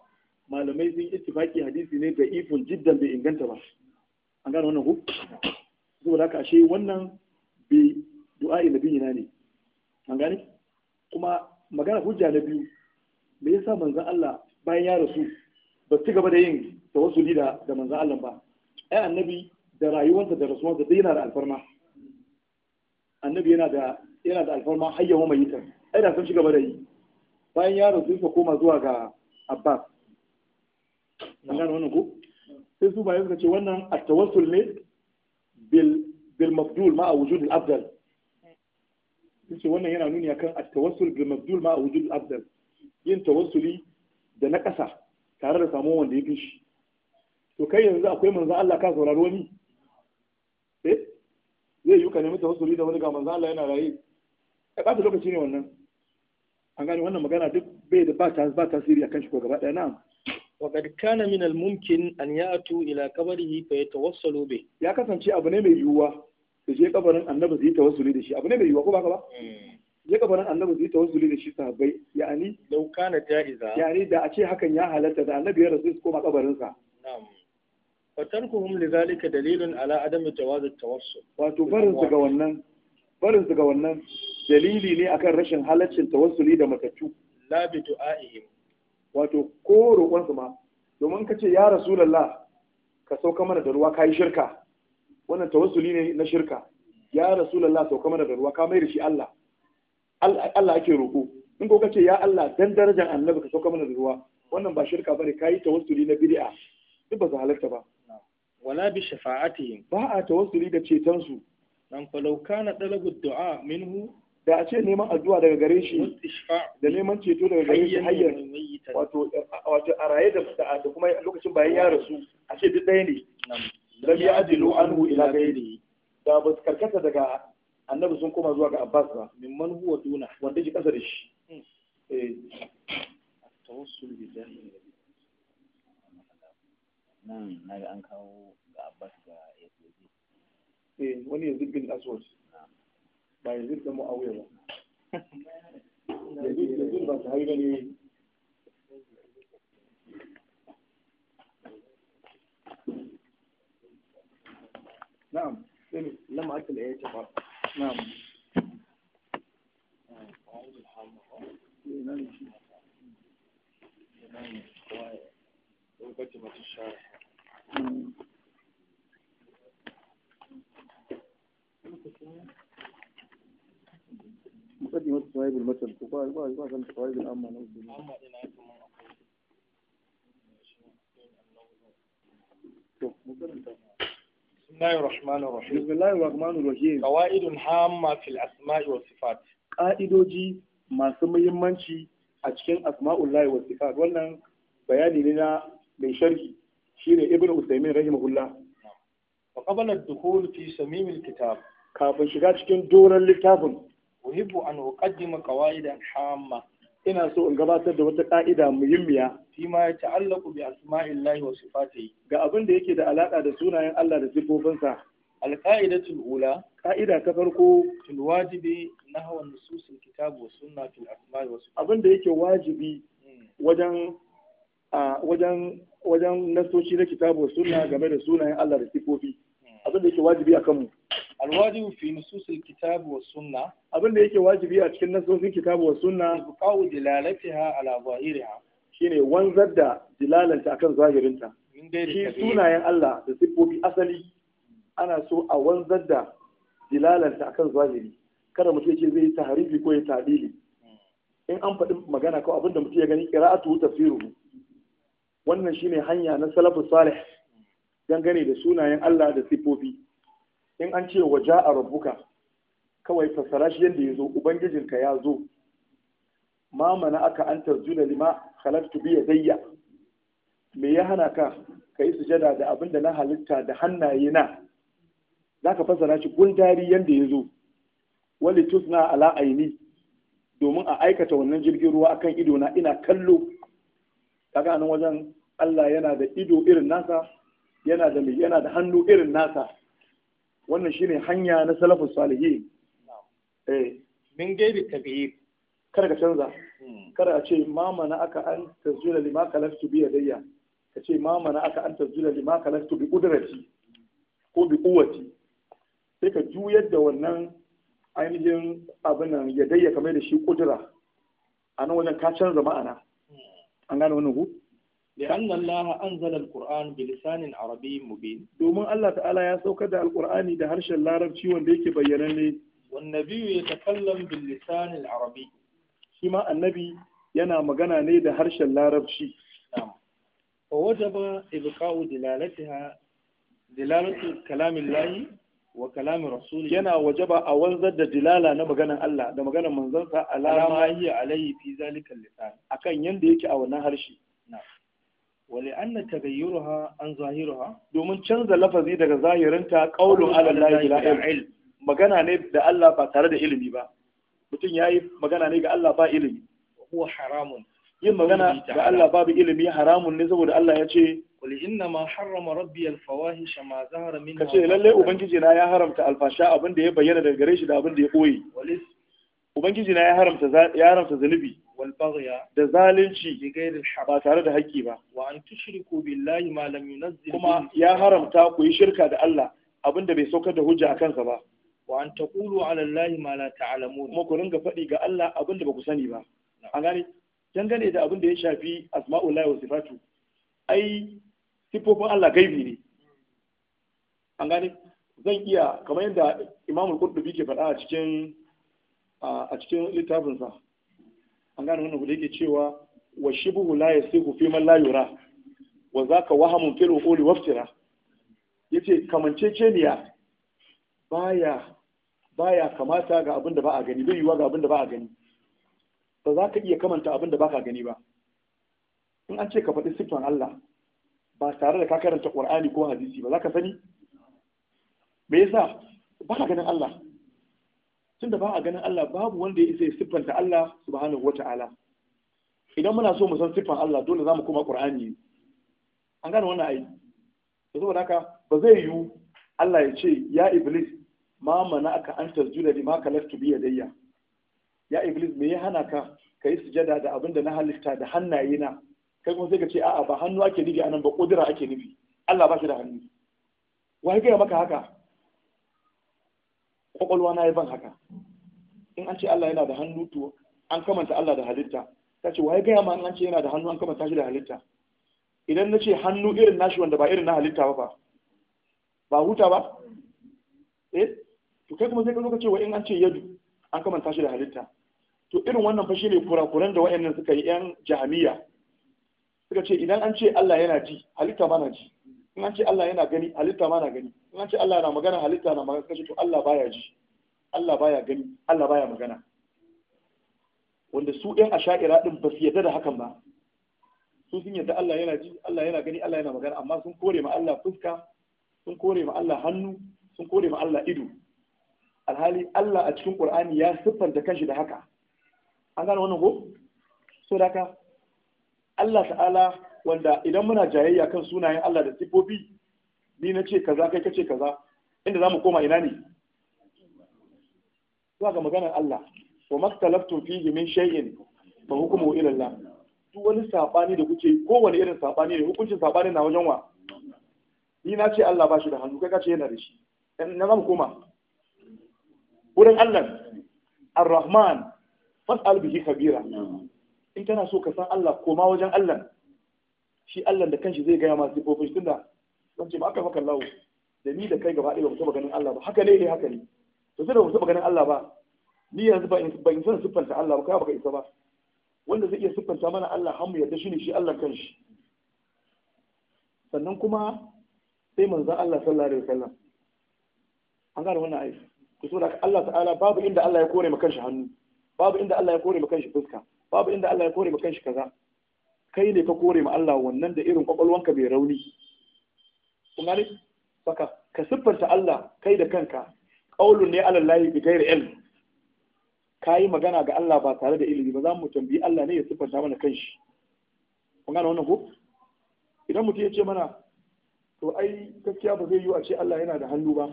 malamai sun ittifaki hadisi ne da'ifun jiddan bai inganta ba an gane wannan ku zuwa haka ashe wannan bi du'a'i nabiyina ne an gane kuma magana hujja na biyu me yasa manzon Allah bayan ya rasu ba ci gaba da yin tawassuli da da manzo Allah ba ai annabi da rayuwarsa da rasuwarsa duk yana da alfarma annabi yana da yana da alfarma har yawan mai yitar ai da sun ci gaba da yi bayan ya rasu suka koma zuwa ga Abbas an gane wannan ko sai su bayan suka ce wannan at-tawassul ne bil bil mafdul ma wujud al-afdal yace wannan yana nuni akan at-tawassul bil mafdul ma wujud al-afdal yin tawassuli da na ƙasa tare da samuwan wanda ya fi shi to kai yanzu akwai manzan Allah ka saurari wani eh zai yi ka nemi tawassuli da wani ga manzan Allah yana raye Ya ɓata lokaci ne wannan an gane wannan magana duk bai da ba ta ba tasiri akan shi ko gaba daya na'am وقد كان من الممكن أن يأتوا إلى قبره فيتوصلوا به يا كسان شيء أبني مي يوا تجي da shi abu ne mai yuwa ko ba ka ba hmm. je kabarin annabi zai tawassuli da shi sahabbai ya'ani? law kana jaiza Ya'ani da a ce hakan ya halatta da annabi ya rasu su koma kabarin sa na'am fatarkuhum لذلك دليل على عدم جواز التوسل واتو wato barin برن ga wannan لي ga wannan dalili ne akan rashin halaccin tawassuli da matattu wato ko ma domin ya ka sauka mana da ruwa yi shirka wannan tawassuli ne na shirka ya rasulullah sauka mana da ruwa ka mai da shi Allah Allah ake roƙo in ko kace ya Allah dan darajar annabi ka sauka mana da ruwa wannan ba shirka bane yi tawassuli na bid'a duk ba su halarta ba wala bi shafa'atihim ba a tawassuli da ceton su dan falau kana dalabu du'a minhu da a ce neman addu'a daga gare shi da neman ceto daga gare shi hayyar wato wato a raye da da kuma lokacin bayan ya rasu a ce duk ɗaya ne lam ya adilu anhu ila ghairi da ba su karkata daga annabi sun koma zuwa ga Abbas ba min man huwa duna wanda ji kasa da shi hmm. eh tawassul bi jahili na ga an kawo ga abbas ga yazid eh wani yazid bin aswad ba yazid da muawiya ba yazid yazid ba sahabi bane na'am لم أكل أي تفر نعم نعم مقدمة صوايب المثل تقال بعض بعض الصوايب الأمة بسم الله الرحمن الرحيم بسم الله الرحمن الرحيم قواعد هامة في الأسماء والصفات جي ما سمي منشي a أسماء الله والصفات ولن wannan لنا من شرقي shine ibnu usaymin rahimahullah wa qabala ad-dukhul fi samim al-kitab kafin shiga cikin doron littafin uhibbu an uqaddima qawaid hamma ina so in gabatar da wata ka'ida muhimmiya fi ma ya ta'allaku bi asma'illahi wa sifatihi ga abin da yake da alaka da sunayen Allah da sifofinsa al-qa'idatu ula ka'ida ta farko tun wajibi nahwa nusus al-kitab wa sunna fil wa sifatihi abin da yake wajibi hmm. wajen a wajen wajen nasoci na kitabu suna game da sunayen Allah da sifofi abin da yake wajibi a kanmu alwajibu fi nususil kitabu wa sunna abin da yake wajibi a cikin nasosin kitabu was sunna buqa'u dilalatiha ala zahiriha shine wanzar da dilalanta akan zahirinta shi sunayen Allah da sifofi asali ana so a wanzar da dilalanta akan zahiri kada mutum ce zai yi tahrifi ko ya tadili hmm. in an faɗi magana ko abin da mutum ya gani qira'atu tafsiruhu wannan shine hanya na salafus salih dangane da sunayen Allah da sifofi in an ce waja a rabbuka kawai fassara shi yadda ya zo ubangijinka ya zo Mamana aka an tarjuna lima halattu biya zayya me ya hana ka yi sujada da abin da na halitta da hannaye na Za ka fasara shi gundari yadda ya zo wali tusna ala aini domin a aikata wannan jirgin ruwa akan ido na ina kallo kaga nan wajen Allah yana da ido irin nasa yana da mai yana da hannu irin nasa wannan shine hanya na salafus salihin eh min gairi tabi'i kada ka canza hmm. kada a ce mama na aka an tasjula lima kalaftu bi yadayya ka ce mama na aka an tasjula lima kalaftu bi qudrati ko bi quwwati sai ka juyar da wannan ainihin abin nan yadayya kamar da shi kudura a nan wajen ka canza ma'ana hmm. an gane wannan ku لأن الله أنزل القرآن بلسان عربي مبين دوما الله تعالى يا سوكا دا القرآن دا هرش اللارب شي وان ديك بيانني والنبي يتكلم باللسان العربي شما النبي ينا مغانا yana magana ne da harshen نعم ووجب إبقاء دلالتها دلالة كلام الله وكلام رسوله yana wajaba a wanzar دلالة dilala الله maganar Allah da maganar manzansa alama hiya alayhi fi zalika lisan akan yanda yake a wali anna tagayyuruha an zahiruha domin canza lafazi daga zahirinta qaulun ala la ilaha ilm magana ne da Allah ba tare da ilimi ba mutum yayi magana ne ga Allah ba ilimi huwa haramun yin magana ga Allah babu ilimi haramun ne saboda Allah ya ce qul inna ma harrama rabbi al ma zahara minha kace lalle ubangiji na ya haramta alfasha abin da ya bayyana daga gare shi da abin da ya koyi ubangiji na ya haramta ya haramta zunubi wal baghya da zalunci bi ghairi ba tare da haƙƙi ba wa an tushriku billahi ma lam yunzil kuma ya haramta ku yi shirka da Allah abinda bai saukar da hujja akan sa ba wa an taqulu ala allahi ma la ta'lamun kuma ku ringa faɗi ga Allah abinda ba ku sani ba an gane dangane da abinda ya shafi asma'ullahi wa sifatu ai sifofin Allah gaibi ne an gane zan iya kamar yadda imamul qurtubi ke faɗa a cikin a cikin littafinsa an gane wani da yake cewa wa shibuhu la yasihu fi man la yura wa ka wahamu fil uquli waftira yace kamanceceniya baya baya kamata ga abin da ba a gani bai yiwa ga abin da ba a gani ba za ka iya kamanta abin da ba ka gani ba in an ce ka faɗi siffan Allah ba tare da ka karanta Qur'ani ko hadisi ba za ka sani me yasa ba ka ganin Allah tunda ba a ganin Allah babu wanda ya isa ya siffanta Allah subhanahu ta'ala. idan muna so mu san siffan Allah dole za mu koma Qur'ani an gane wannan ai saboda haka ba zai yiwu Allah ya ce ya iblis ma mana aka an tasjuda ka kalaftu bi yadayya ya iblis me ya hana ka kai sujada da abin da na halitta da hannaye na kai kuma sai ka ce a'a ba hannu ake nufi anan ba kudura ake nufi Allah ba shi da hannu wai ga maka haka kwakwalwa na ya ban haka in an ce Allah yana da hannu to an kamanta Allah da halitta ta ce waye gaya ma an ce yana da hannu an kamanta shi da halitta idan na ce hannu irin nashi wanda ba irin na halitta ba ba huta ba eh to kai kuma sai ka zo ka ce wa in an ce yadu an kamanta shi da halitta to irin wannan fa ne kurakuran da wayannan suka yi yan jahamiya suka ce idan an ce Allah yana ji halitta ba na ji in an ce Allah yana gani halitta ma na gani in an ce Allah yana magana halitta na magana kace to Allah baya ji Allah baya gani Allah baya magana wanda su ɗan asha'ira ɗin ba su yarda da hakan ba su sun yarda Allah yana ji Allah yana gani Allah yana magana amma sun kore ma Allah fuska sun kore ma Allah hannu sun kore ma Allah ido alhali Allah a cikin Qur'ani ya siffanta kanshi da haka an gane wannan ko so da haka Allah ta'ala wanda idan muna jayayya kan sunayen Allah da sifofi ni na ce kaza kai kace kaza inda zamu koma ina ne zuwa ga maganar Allah wa maktalaftu fihi min shay'in fa hukmuhu ila Allah duk wani sabani da kuke kowane irin sabani ne hukuncin sabani na wajen wa ni na ce Allah ba shi da hannu kai kace yana da shi na zamu koma wurin Allah ar-Rahman fas'al bihi kabira in kana so ka san Allah koma wajen Allah shi Allah da kanshi zai gaya masu sifofin tunda zan ce ba aka maka lawo da ni da kai gaba ɗaya ba mu taɓa ganin Allah ba haka ne eh haka ne to sai da ba mu taɓa ganin Allah ba ni yanzu ba in ban san siffanta Allah ba kai baka isa ba wanda zai iya siffanta mana Allah hamu yadda shi ne shi Allah kanshi sannan kuma sai manzon Allah sallallahu alaihi wasallam an gane wannan ayi so saboda Allah ta'ala babu inda Allah ya kore maka kanshi hannu babu inda Allah ya kore maka kanshi fuska babu inda Allah ya kore maka kanshi kaza kai ne ka kore ma Allah wannan da irin kwakwalwanka bai rauni kuma ne baka ka siffanta Allah kai da kanka qaulun ne ala lahi bi ghairi ilm kai magana ga Allah ba tare da ilimi ba za mu tambayi Allah ne ya siffanta mana kanshi kun gane wannan ko idan mutum ya ce mana to ai gaskiya ba zai yi a ce Allah yana da hannu ba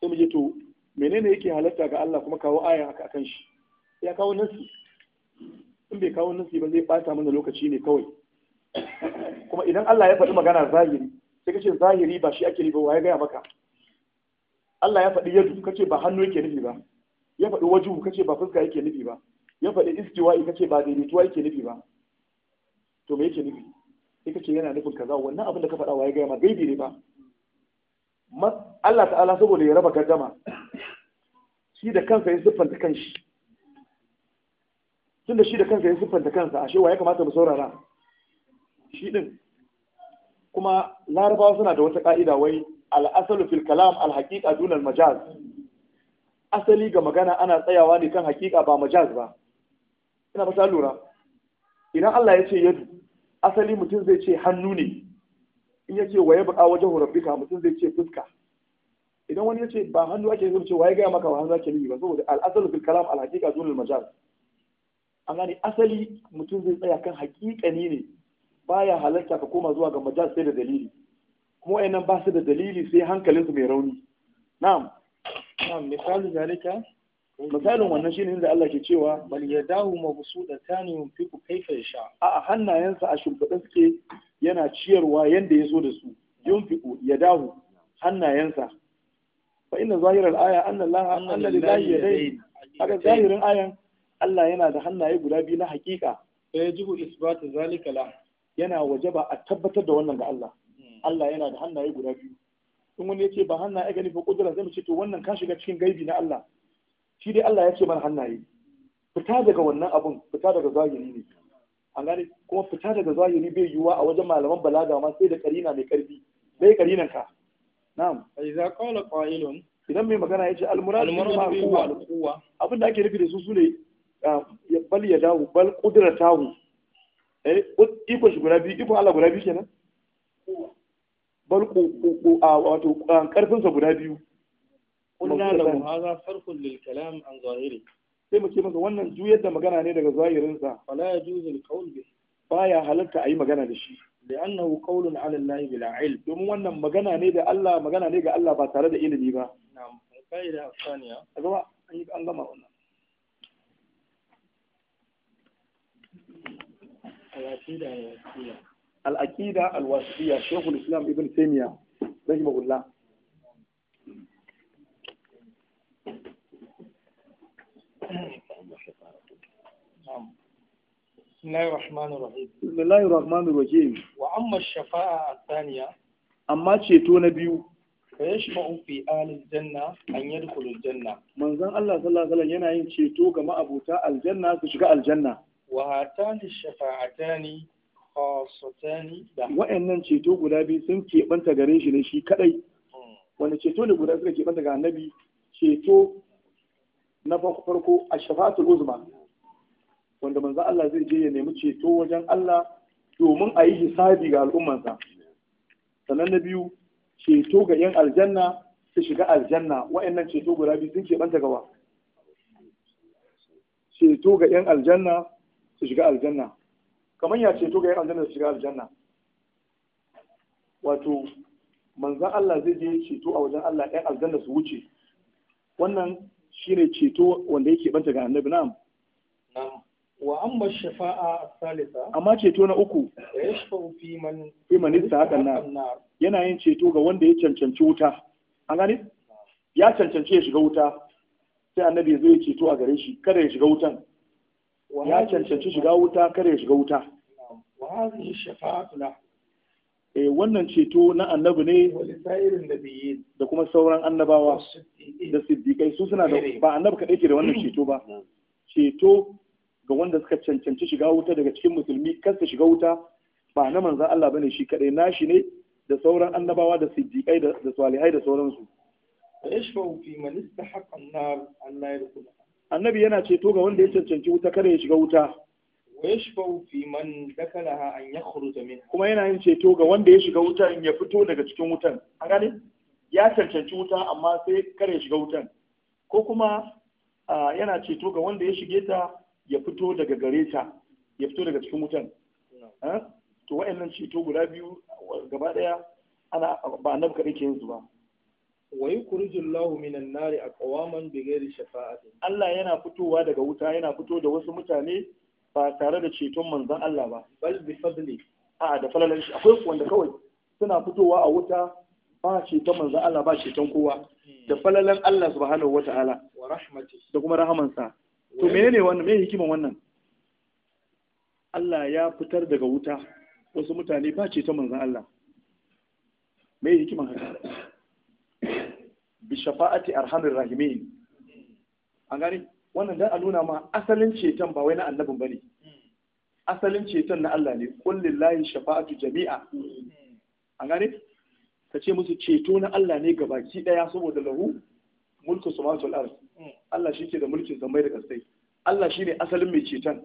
sai mu je to menene yake halatta ga Allah kuma kawo aya haka akan shi ya kawo nasi. in bai kawo nufi ba zai bata mana lokaci ne kawai kuma idan Allah ya faɗi magana zahiri sai kace zahiri ba shi ake nufi ba ya gaya maka Allah ya faɗi yadu kace ba hannu yake nufi ba ya faɗi waju kace ba fuska yake nufi ba ya faɗi istiwa'i kace ba daidaituwa yake nufi ba to me yake nufi sai kace yana nufin kaza wannan abin da ka faɗa ya gaya ma gaibi ne ba Allah ta'ala saboda ya raba gaddama shi da kansa ya siffanta kanshi tun da shi da kansa ya siffanta kansa ashe wa ya kamata mu saurara shi din kuma larabawa suna da wata ka'ida wai al'asalu fil kalam al haqiqa dun al majaz asali ga magana ana tsayawa ne kan haqiqa ba majaz ba ina fata lura idan Allah ya ce yadu asali mutum zai ce hannu ne in ya ce wa ya buƙa wajen rabbika mutum zai ce fuska idan wani ya ce ba hannu ake zai ce wa ya gaya maka wa hannu ake yi ba saboda al'asalu fil kalam al haqiqa dun al majaz amma ne asali mutum zai tsaya kan hakikani ne baya halarta ka koma zuwa ga majal sai da dalili kuma wayannan ba su da dalili sai hankalinsu mai rauni na'am na'am misalin zalika misalin wannan shine inda Allah ke cewa bal yadahu mabsudatan yunfiqu kaifa yasha a hannayensa a shimfiɗe suke yana ciyarwa yanda ya so da su yunfiqu yadahu hannayensa fa inna zahiral aya anna Allah anna lillahi yadayn haka zahirin ayan Allah yana da hannaye guda biyu na hakika Sai yajibu isbatu zalika la yana wajaba a tabbatar da wannan ga Allah hmm. Allah yana da hannaye guda biyu in wani yace ba hannaye ga fa kudura zai mu ce to wannan ka shiga cikin gaibi na Allah shi dai Allah ya ce mana hannaye fita daga wannan abun fita daga zahiri ne an gane kuma fita daga zahiri bai yiwuwa a wajen malaman balaga ma sai da karina mai karfi bai karinan ka na'am idza qala qa'ilun idan mai magana yace al-muradu bil ma'quwa abin da ake nufi da su ne. bal ya dawo bal kudura tahu eh iko shi guda biyu iko Allah guda biyu kenan bal ko a wato karfin sa guda biyu qulna lahu hadha farqun lil kalam an zahiri sai muke ce masa wannan juyar da magana ne daga zahirin sa fala yajuzu al qawl bi baya halatta ayi magana da shi لأنه قول على الله بلا علم دوم wannan magana ne da Allah magana ne ga Allah ba tare da ilimi ba na'am fa'ida thaniya kaga an gama wannan al'aƙida al'wasiya shekul islam ibn taimiya zai magulla Bismillahir Rahmanir Rahim. Wa amma shafa'a athaniya. Amma ceto na biyu. Ka yashma'u fi al-janna an yadkhulu janna Manzon Allah sallallahu alaihi yana yin ceto ga ma'abuta al-janna su shiga aljanna. وهاتان الشفاعتان خاصتان وإن ceto guda biyu sun keɓanta gare shi ne shi ceto ne guda suka keɓanta ga annabi ceto na farko a shafa'atul uzma wanda manzo Allah zai je ya nemi ceto wajen Allah domin a yi hisabi ga al'ummansa sannan na biyu ceto ga yan aljanna su shiga aljanna wa'annan ceto guda biyu sun keɓanta gawa ceto ga yan aljanna su shiga aljanna kamar ya ceto ga aljanna su shiga aljanna wato manzan Allah zai je ceto a wajen Allah yan aljanna su wuce wannan shine ceto wanda yake banta ga annabi na'am na'am wa amma shafa'a salisa amma ceto na uku yashfa'u fi man fi man istaqa yana yin ceto ga wanda ya cancanci wuta an gane ya cancanci ya shiga wuta sai annabi zai ceto a gare shi kada ya shiga wutan ya cancanci shiga wuta kada ya shiga wuta wa eh wannan ceto na annabi ne da kuma sauran annabawa da siddiqai su suna da ba annabi kadai ke da wannan ceto ba ceto ga wanda suka cancanci shiga wuta daga cikin musulmi kar shiga wuta ba na manzan Allah bane shi kadai nashi ne da sauran annabawa da siddiqai da salihai da sauransu yashfa'u fi man istahaqqa an-nar an la annabi yana ceto ga wanda ya cancanci wuta kada ya shiga wuta kuma yana yin ceto ga wanda ya shiga wuta in ya fito daga cikin wutan an gane ya cancanci wuta amma sai kada ya shiga wutan ko kuma yana ceto ga wanda ya shige ta ya fito daga gare ta ya fito daga cikin wutan eh? to wa'annan ceto guda biyu gaba daya ana ba annabi kaɗai ke yin su ba wa yukhrijullahu minan nari aqwaman bighairi shafa'ati Allah yana fitowa daga wuta yana fito da wasu mutane ba tare da ceton manzon Allah ba bal bi fadli a da falalan shi akwai wanda kawai suna fitowa a wuta ba ceton manzon Allah ba ceton kowa hmm. da falalan Allah subhanahu wata'ala wa rahmati da kuma rahamansa to menene wannan me hikiman wannan Allah ya fitar daga wuta wasu mutane ba ceton manzon Allah me hikiman haka bi shafa'ati arhamir rahimin an gani wannan dan a nuna ma asalin ceton ba wai na annabin bane asalin ceton na Allah ne qul lillahi shafa'atu jami'a an gani ka ce musu ceto na Allah ne ga baki daya saboda lahu mulku samawati wal Allah shi ke da mulkin zamai da kasai Allah shi ne asalin mai ceton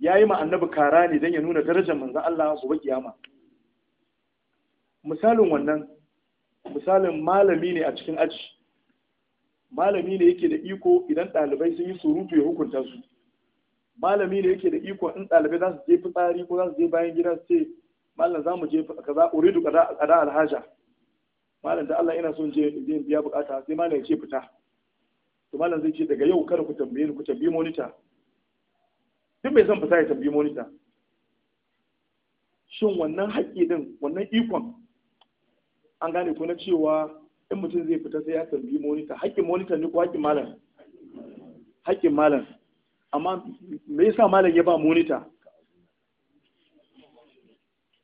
ya yi ma annabi kara ne don ya nuna darajar manzan Allah gobe kiyama misalin wannan misalin malami ne a cikin aji malami ne yake da iko idan ɗalibai sun yi surutu ya hukunta su malami ne yake da iko in ɗalibai za su je fitsari ko za su je bayan gida su ce malam za mu je kaza uridu kaza alhaja malam da Allah ina son je je biya bukata sai malam ya ce fita to malam zai ce daga yau kada ku tambaye ni ku tambayi monita duk mai son fita ya tambayi monita shin wannan haƙƙi din wannan ikon an gane ko na cewa in mutum zai fita sai ya tambayi monita haƙƙin monita ne ko haƙƙin malam haƙƙin malam amma me yasa malam ya ba monita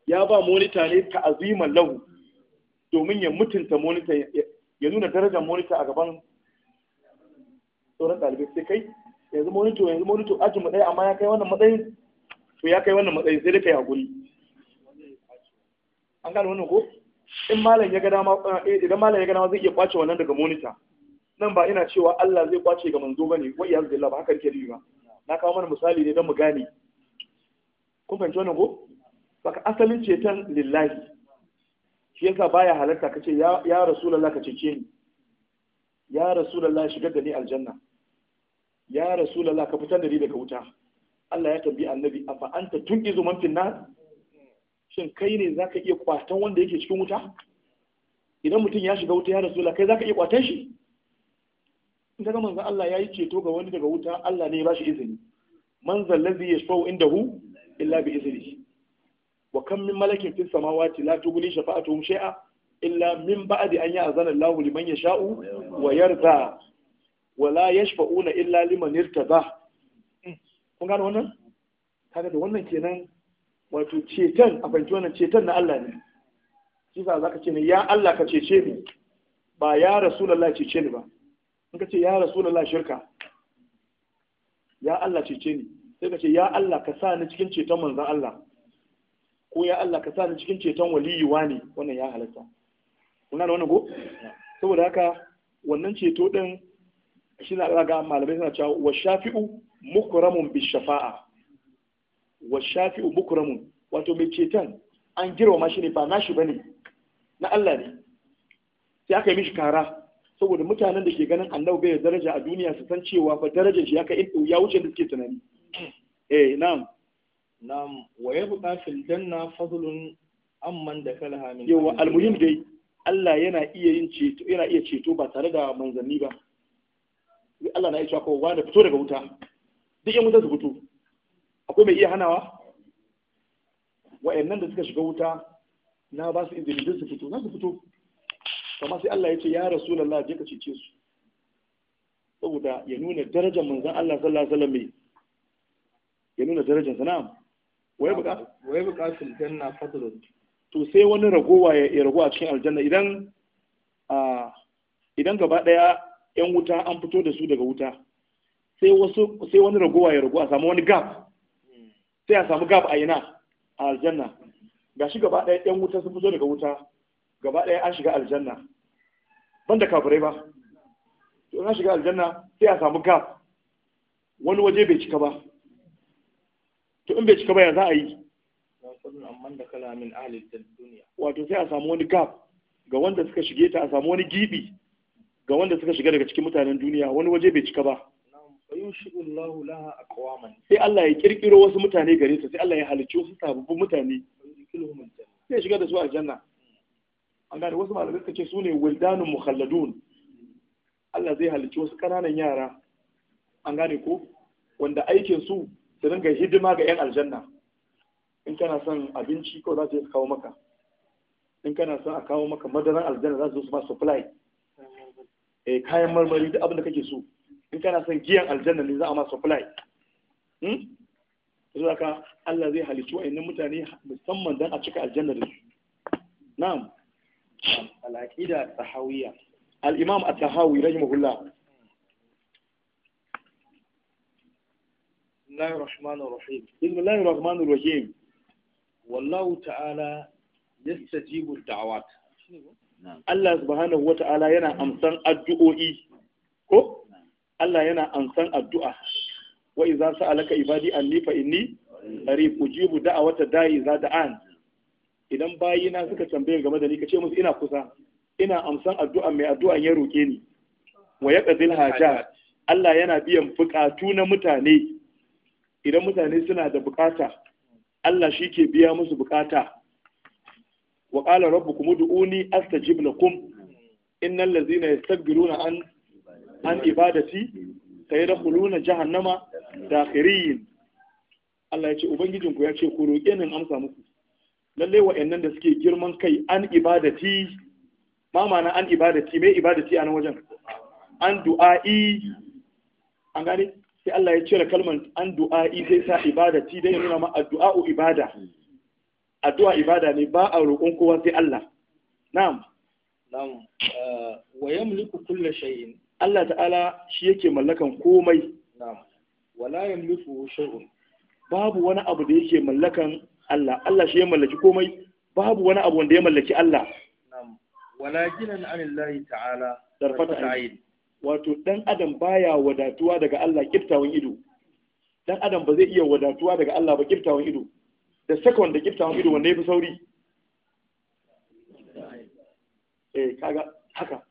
ya ba monita ne ka aziman lahu domin ya mutunta monita ya nuna darajar monita a gaban sauran ɗalibai sai kai yanzu monito yanzu monito ajin mu amma ya kai wannan matsayin to ya kai wannan matsayin sai dai kai hakuri an gane wannan ko in malam ya ga dama eh, idan malam ya ga dama zai iya kwace wannan daga monitor nan ba ina cewa Allah zai kwace ga manzo bane wai ya zalla ba haka ke yi ba na kawo mana misali ne don mu gane kun fahimci wannan ko baka asalin ceton lillahi shi yasa baya halarta kace ya ya rasulullahi ka ce ni ya rasulullahi shigar da ni aljanna ya rasulullahi ka fitar da ni daga wuta Allah ya tambayi annabi afa anta tunqizu man fil nar shin kai ne za ka iya kwatan wanda yake cikin wuta idan mutum ya shiga wuta ya rasu la kai za ka iya kwatan shi in ka ga Allah ya yi ceto ga wani daga wuta Allah ne ya bashi izini man zallazi yashfa'u indahu illa bi izini wa kam min malakin fis samawati la tughni shafa'atuhum shay'a illa min ba'di an ya'zana Allahu liman yasha'u wa yarda wa la yashfa'una illa liman irtada kun gano wannan kaga da wannan kenan wato ceton a fahimci wannan ceton na Allah ne shi sa zaka ce ne ya Allah ka cece ni ba ya rasulullah cece ni ba in ka ce ya rasulullah shirka ya Allah cece ni sai ka ce ya Allah ka sa ni cikin ceton manzon Allah ko ya Allah ka sa ni cikin ceton waliyuwa ne wannan ya halatta kuna da wannan go saboda haka wannan ceto din shi na ga malamai suna cewa wa shafi'u mukramun bi shafa'a wa shafi'u mukramun wato mai ceton an ma shi ne ba nashi bane na Allah ne sai aka yi mishi kara saboda mutanen da ke ganin annabi bai daraja a duniya su san cewa fa darajar shi ya kai ya wuce da suke tunani eh na'am na'am wa yabqa fil janna fadlun amman dakalaha min yawa almuhim dai Allah yana iya yin ceto yana iya ceto ba tare da manzanni ba Allah na yi cewa ko wanda fito daga wuta duk yan wuta su fito akwai mai iya hanawa wa'annan da suka shiga wuta na ba su izini su fito na su fito Kama sai Allah ya ce ya rasulullah je ka cece su saboda ya nuna darajar manzan Allah sallallahu alaihi wasallam ya nuna darajar sa na'am waye buka waye buƙatu janna fadlun to sai wani ragowa ya rago a cikin aljanna idan a idan gaba daya yan wuta an fito da su daga wuta sai wasu sai wani ragowa ya rago a samu wani gap sai a samu gab a ina a aljanna gashi gaba ɗaya ɗan wuta sun fito daga wuta gaba ɗaya an shiga aljanna ban da kafirai ba to an shiga aljanna sai a samu gab wani waje bai cika ba to in bai cika ba ya za a yi wato sai a samu wani gab ga wanda suka shige ta a samu wani gibi ga wanda suka shiga daga cikin mutanen duniya wani waje bai cika ba sai Allah ya kirkiro wasu mutane gare su sai Allah ya halicci wasu sababbin mutane sai shiga da su a aljanna an gane wasu malamai suka ce su ne wildanun mukhalladun Allah zai halicci wasu ƙananan yara an gane ko wanda aikin su su dinga hidima ga yan aljanna in kana son abinci ko za su kawo maka in kana son a kawo maka madaran aljanna za su zo su ba supply eh kayan marmari duk abin da kake so in kana son giyan aljanna ne za a ma supply hmm zuwa ka Allah zai halicci wa'annan mutane musamman dan a cika aljanna da su na'am al-aqida tahawiyya al-imam at-tahawi rahimahullah بسم الله الرحمن الرحيم بسم الله الرحمن الرحيم والله تعالى يستجيب الدعوات Allah subhanahu wa ta'ala yana amsan addu'o'i ko Allah yana ansan addu'a wa idza alaka ibadi anni fa inni qarib ujibu wata da'i za da an. idan bayina suka tambaye game da ni ce musu ina kusa ina amsan addu'a mai addu'an ya roƙe ni wa ƙazil haja, Allah yana biyan buƙatu na mutane idan mutane suna da buƙata, Allah shi ke biya musu bukata wa qala rabbukum ud'uni astajib lakum innal ladzina yastakbiruna an an ibadati sai da kuluna jahannama da khirin Allah ya ce ubangijin ku ya ce ku roƙe nan amsa muku lalle wa'annan da suke girman kai an ibadati ma mana an ibadati me ibadati a nan wajen an du'a'i an gane sai Allah ya cire kalmar an du'a'i sai sa ibadati dai nuna ma addu'a'u ibada addu'a ibada ne ba a roƙon kowa sai Allah na'am na'am eh, wa yamliku kullu shay'in Allah ta'ala shi yake mallakan komai wala yamliku shay'un babu wani abu da yake mallakan Allah Allah shi ya mallaki komai babu wani abu wanda ya mallaki Allah walakinan anillahi ta'ala darfata ayin wato dan adam baya wadatuwa daga Allah kiftawan ido dan adam ba zai iya wadatuwa daga Allah ba kiftawan ido da second da kiftawan ido wanda yafi sauri eh kaga haka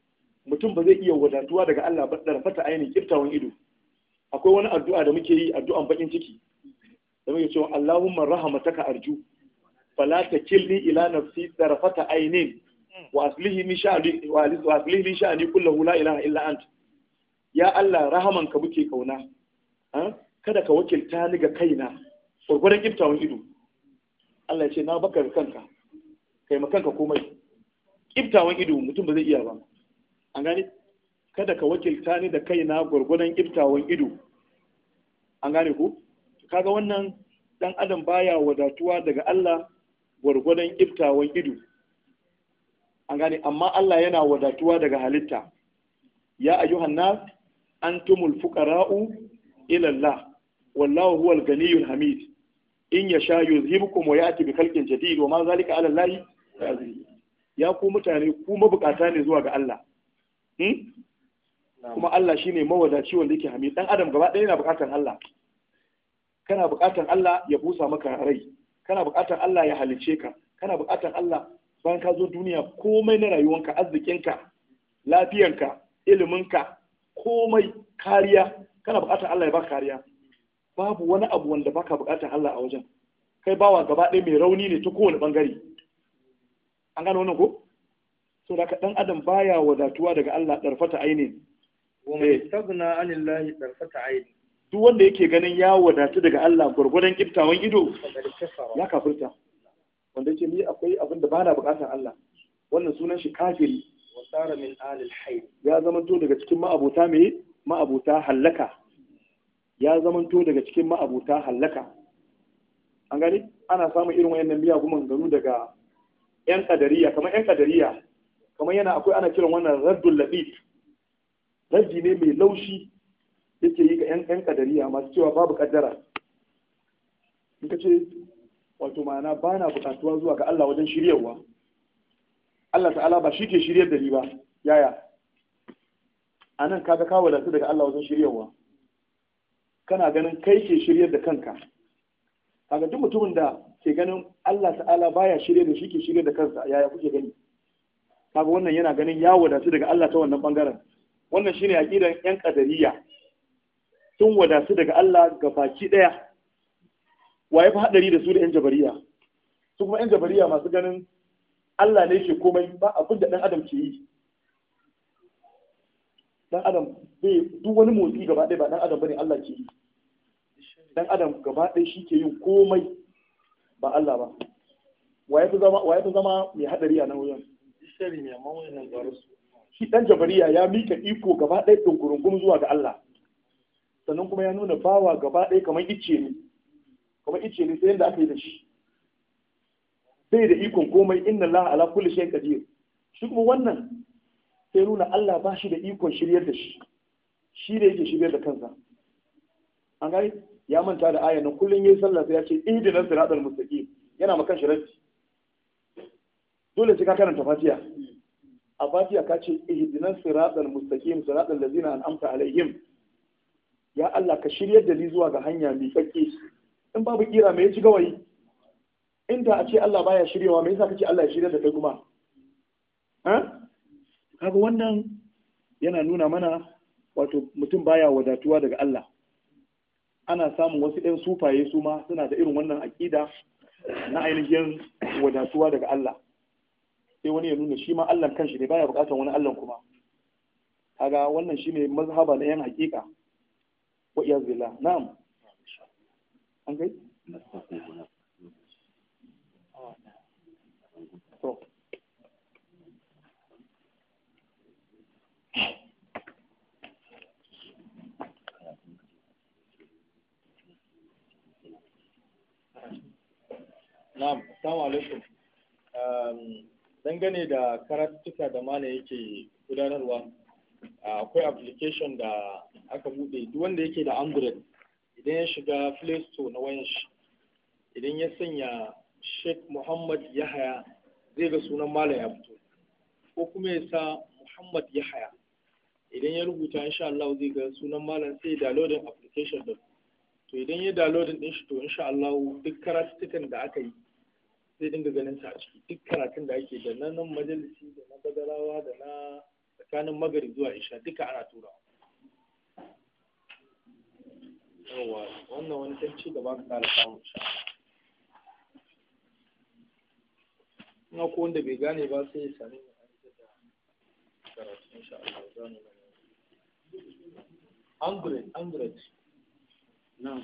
mutum ba zai iya wadatuwa daga Allah ba darfata ainihin kiftawan ido akwai wani addu'a da muke yi addu'an bakin ciki da muke cewa Allahumma rahmataka arju fala takilni ila nafsi darfata ainihin wa aslihi min sha'ani wa aslihi min sha'ani kullahu la ilaha illa ant ya Allah rahaman ka muke kauna kada ka wakilta ni ga kaina gurgurin kiftawan ido Allah ya ce na baka kanka kai makanka komai kiftawan ido mutum ba zai iya ba an gane kada ka wakilta ni da kaina gwargwadon iftawan ido an gane ku kaga wannan dan adam baya wadatuwa daga Allah gwargwadon iftawan ido an gane amma Allah yana wadatuwa daga halitta ya ayyuhan nas antumul fuqara'u ila Allah wallahu huwal ganiyul hamid in yasha yuzhibukum wa ya'ti bi khalqin jadid wa ma zalika ala Allah ya ku mutane ku mabukata ne zuwa ga Allah Hmm? kuma Allah shine mawadaci wanda yake hami dan adam gaba ɗaya yana buƙatar Allah kana buƙatar Allah ya busa maka rai kana buƙatar Allah ya halice ka kana buƙatar Allah bayan ka zo duniya komai na rayuwanka arzikinka lafiyanka iliminka komai kariya kana buƙatar Allah ya baka kariya babu wani abu wanda baka buƙatar Allah a wajen kai bawa gaba ɗaya mai rauni ne ta kowane ɓangare an gano wannan ko so da ka dan adam baya wadatuwa daga Allah darfata ainin wa eh. man anillahi darfata ainin duk wanda yake ganin ya wadatu daga Allah gurgurdan kiftawan ido ya kafirta wanda yake ni akwai abin da bana bukatar Allah wannan sunan shi kafiri wa sara min alil hayy ya to daga cikin ma'abota me ma'abuta hallaka ya to daga cikin ma'abota hallaka an gani ana samun irin wayannan biya kuma ganu daga yan kadariya kamar yan kadariya kamar yana akwai ana kiran wannan raddul latif raddi ne mai laushi yake yi ga 'yan kadariya masu cewa babu kaddara in ka ce wato ma'ana ba na bukatuwa zuwa ga Allah wajen shiryarwa Allah ta'ala ba shi ke shiryar da ni ba yaya a nan ga kawo su daga Allah wajen shiryarwa kana ganin kai ke shiryar da kanka kaga duk mutumin da ke ganin Allah ta'ala baya shirye da shi ke shirye da kansa yaya kuke gani kaga wannan yana ganin ya wadatu daga Allah ta wannan bangaren wannan shine aqidan yan qadariyya sun wadatu daga Allah ga baki daya waye fa hadari da su da yan jabariya su kuma yan jabariya masu ganin Allah ne ke komai ba abin da dan adam ke yi dan adam bai duk wani motsi gaba ɗaya ba dan adam bane Allah ke yi dan adam gaba ɗaya shi ke yin komai ba Allah ba waye ta zama waye ta zama mai hadari a nan wajen su. shi dan jabariya ya mika iko gaba ɗaya gurungun zuwa ga Allah sannan kuma ya nuna bawa gaba ɗaya kamar icce ne kamar icce ne sai yadda aka yi da shi sai da ikon komai inna la ala kulli shay'in qadir shi kuma wannan sai nuna Allah ba shi da ikon shiryar da shi shi da yake shiryar da kansa an gani ya manta da ayanin kullum yayi sallah sai ya ce ihdinas siratal mustaqim yana makan shi dole sai ka karanta Fatiya. a Fatiya ka ce ihdinas siratal mustaqim siratal ladzina an'amta alaihim ya Allah ka shirye da ni zuwa ga hanya mai tsakke in babu kira me yaci gawayi inda a ce Allah baya shiryawa me yasa kace Allah ya shirye da kai kuma ha kaga wannan yana nuna mana wato mutum baya wadatuwa daga Allah ana samun wasu ɗan sufaye su ma suna da irin wannan aƙida na ainihin wadatuwa daga Allah sai wani ya nuna shi ma Allah kanshi ne baya bukatar wani Allah kuma kaga wannan shine mazhaba na yan hakika wa iyaz billah na'am an kai Na'am, assalamu alaikum. Um, dangane da karatuka da mana yake gudanarwa akwai application da aka bude duk wanda yake da android idan ya shiga play store na wayan shi idan ya sanya sheikh muhammad yahaya zai ga sunan malam ya fito ko kuma ya sa muhammad yahaya idan ya rubuta insha Allah zai ga sunan malam sai ya downloading application din to idan ya downloading din shi to insha Allah duk karatukan da aka yi zai dinga ganin ta a ciki duk karatun da ake da na nan majalisi da na bazarawa da na tsakanin magari zuwa isha duka ana tura. yawa wannan wani tarci da ba ka kara samun sha na ko wanda bai gane ba sai ya sami ya an da karatu insha Allah za mu Angret, angret. Nan.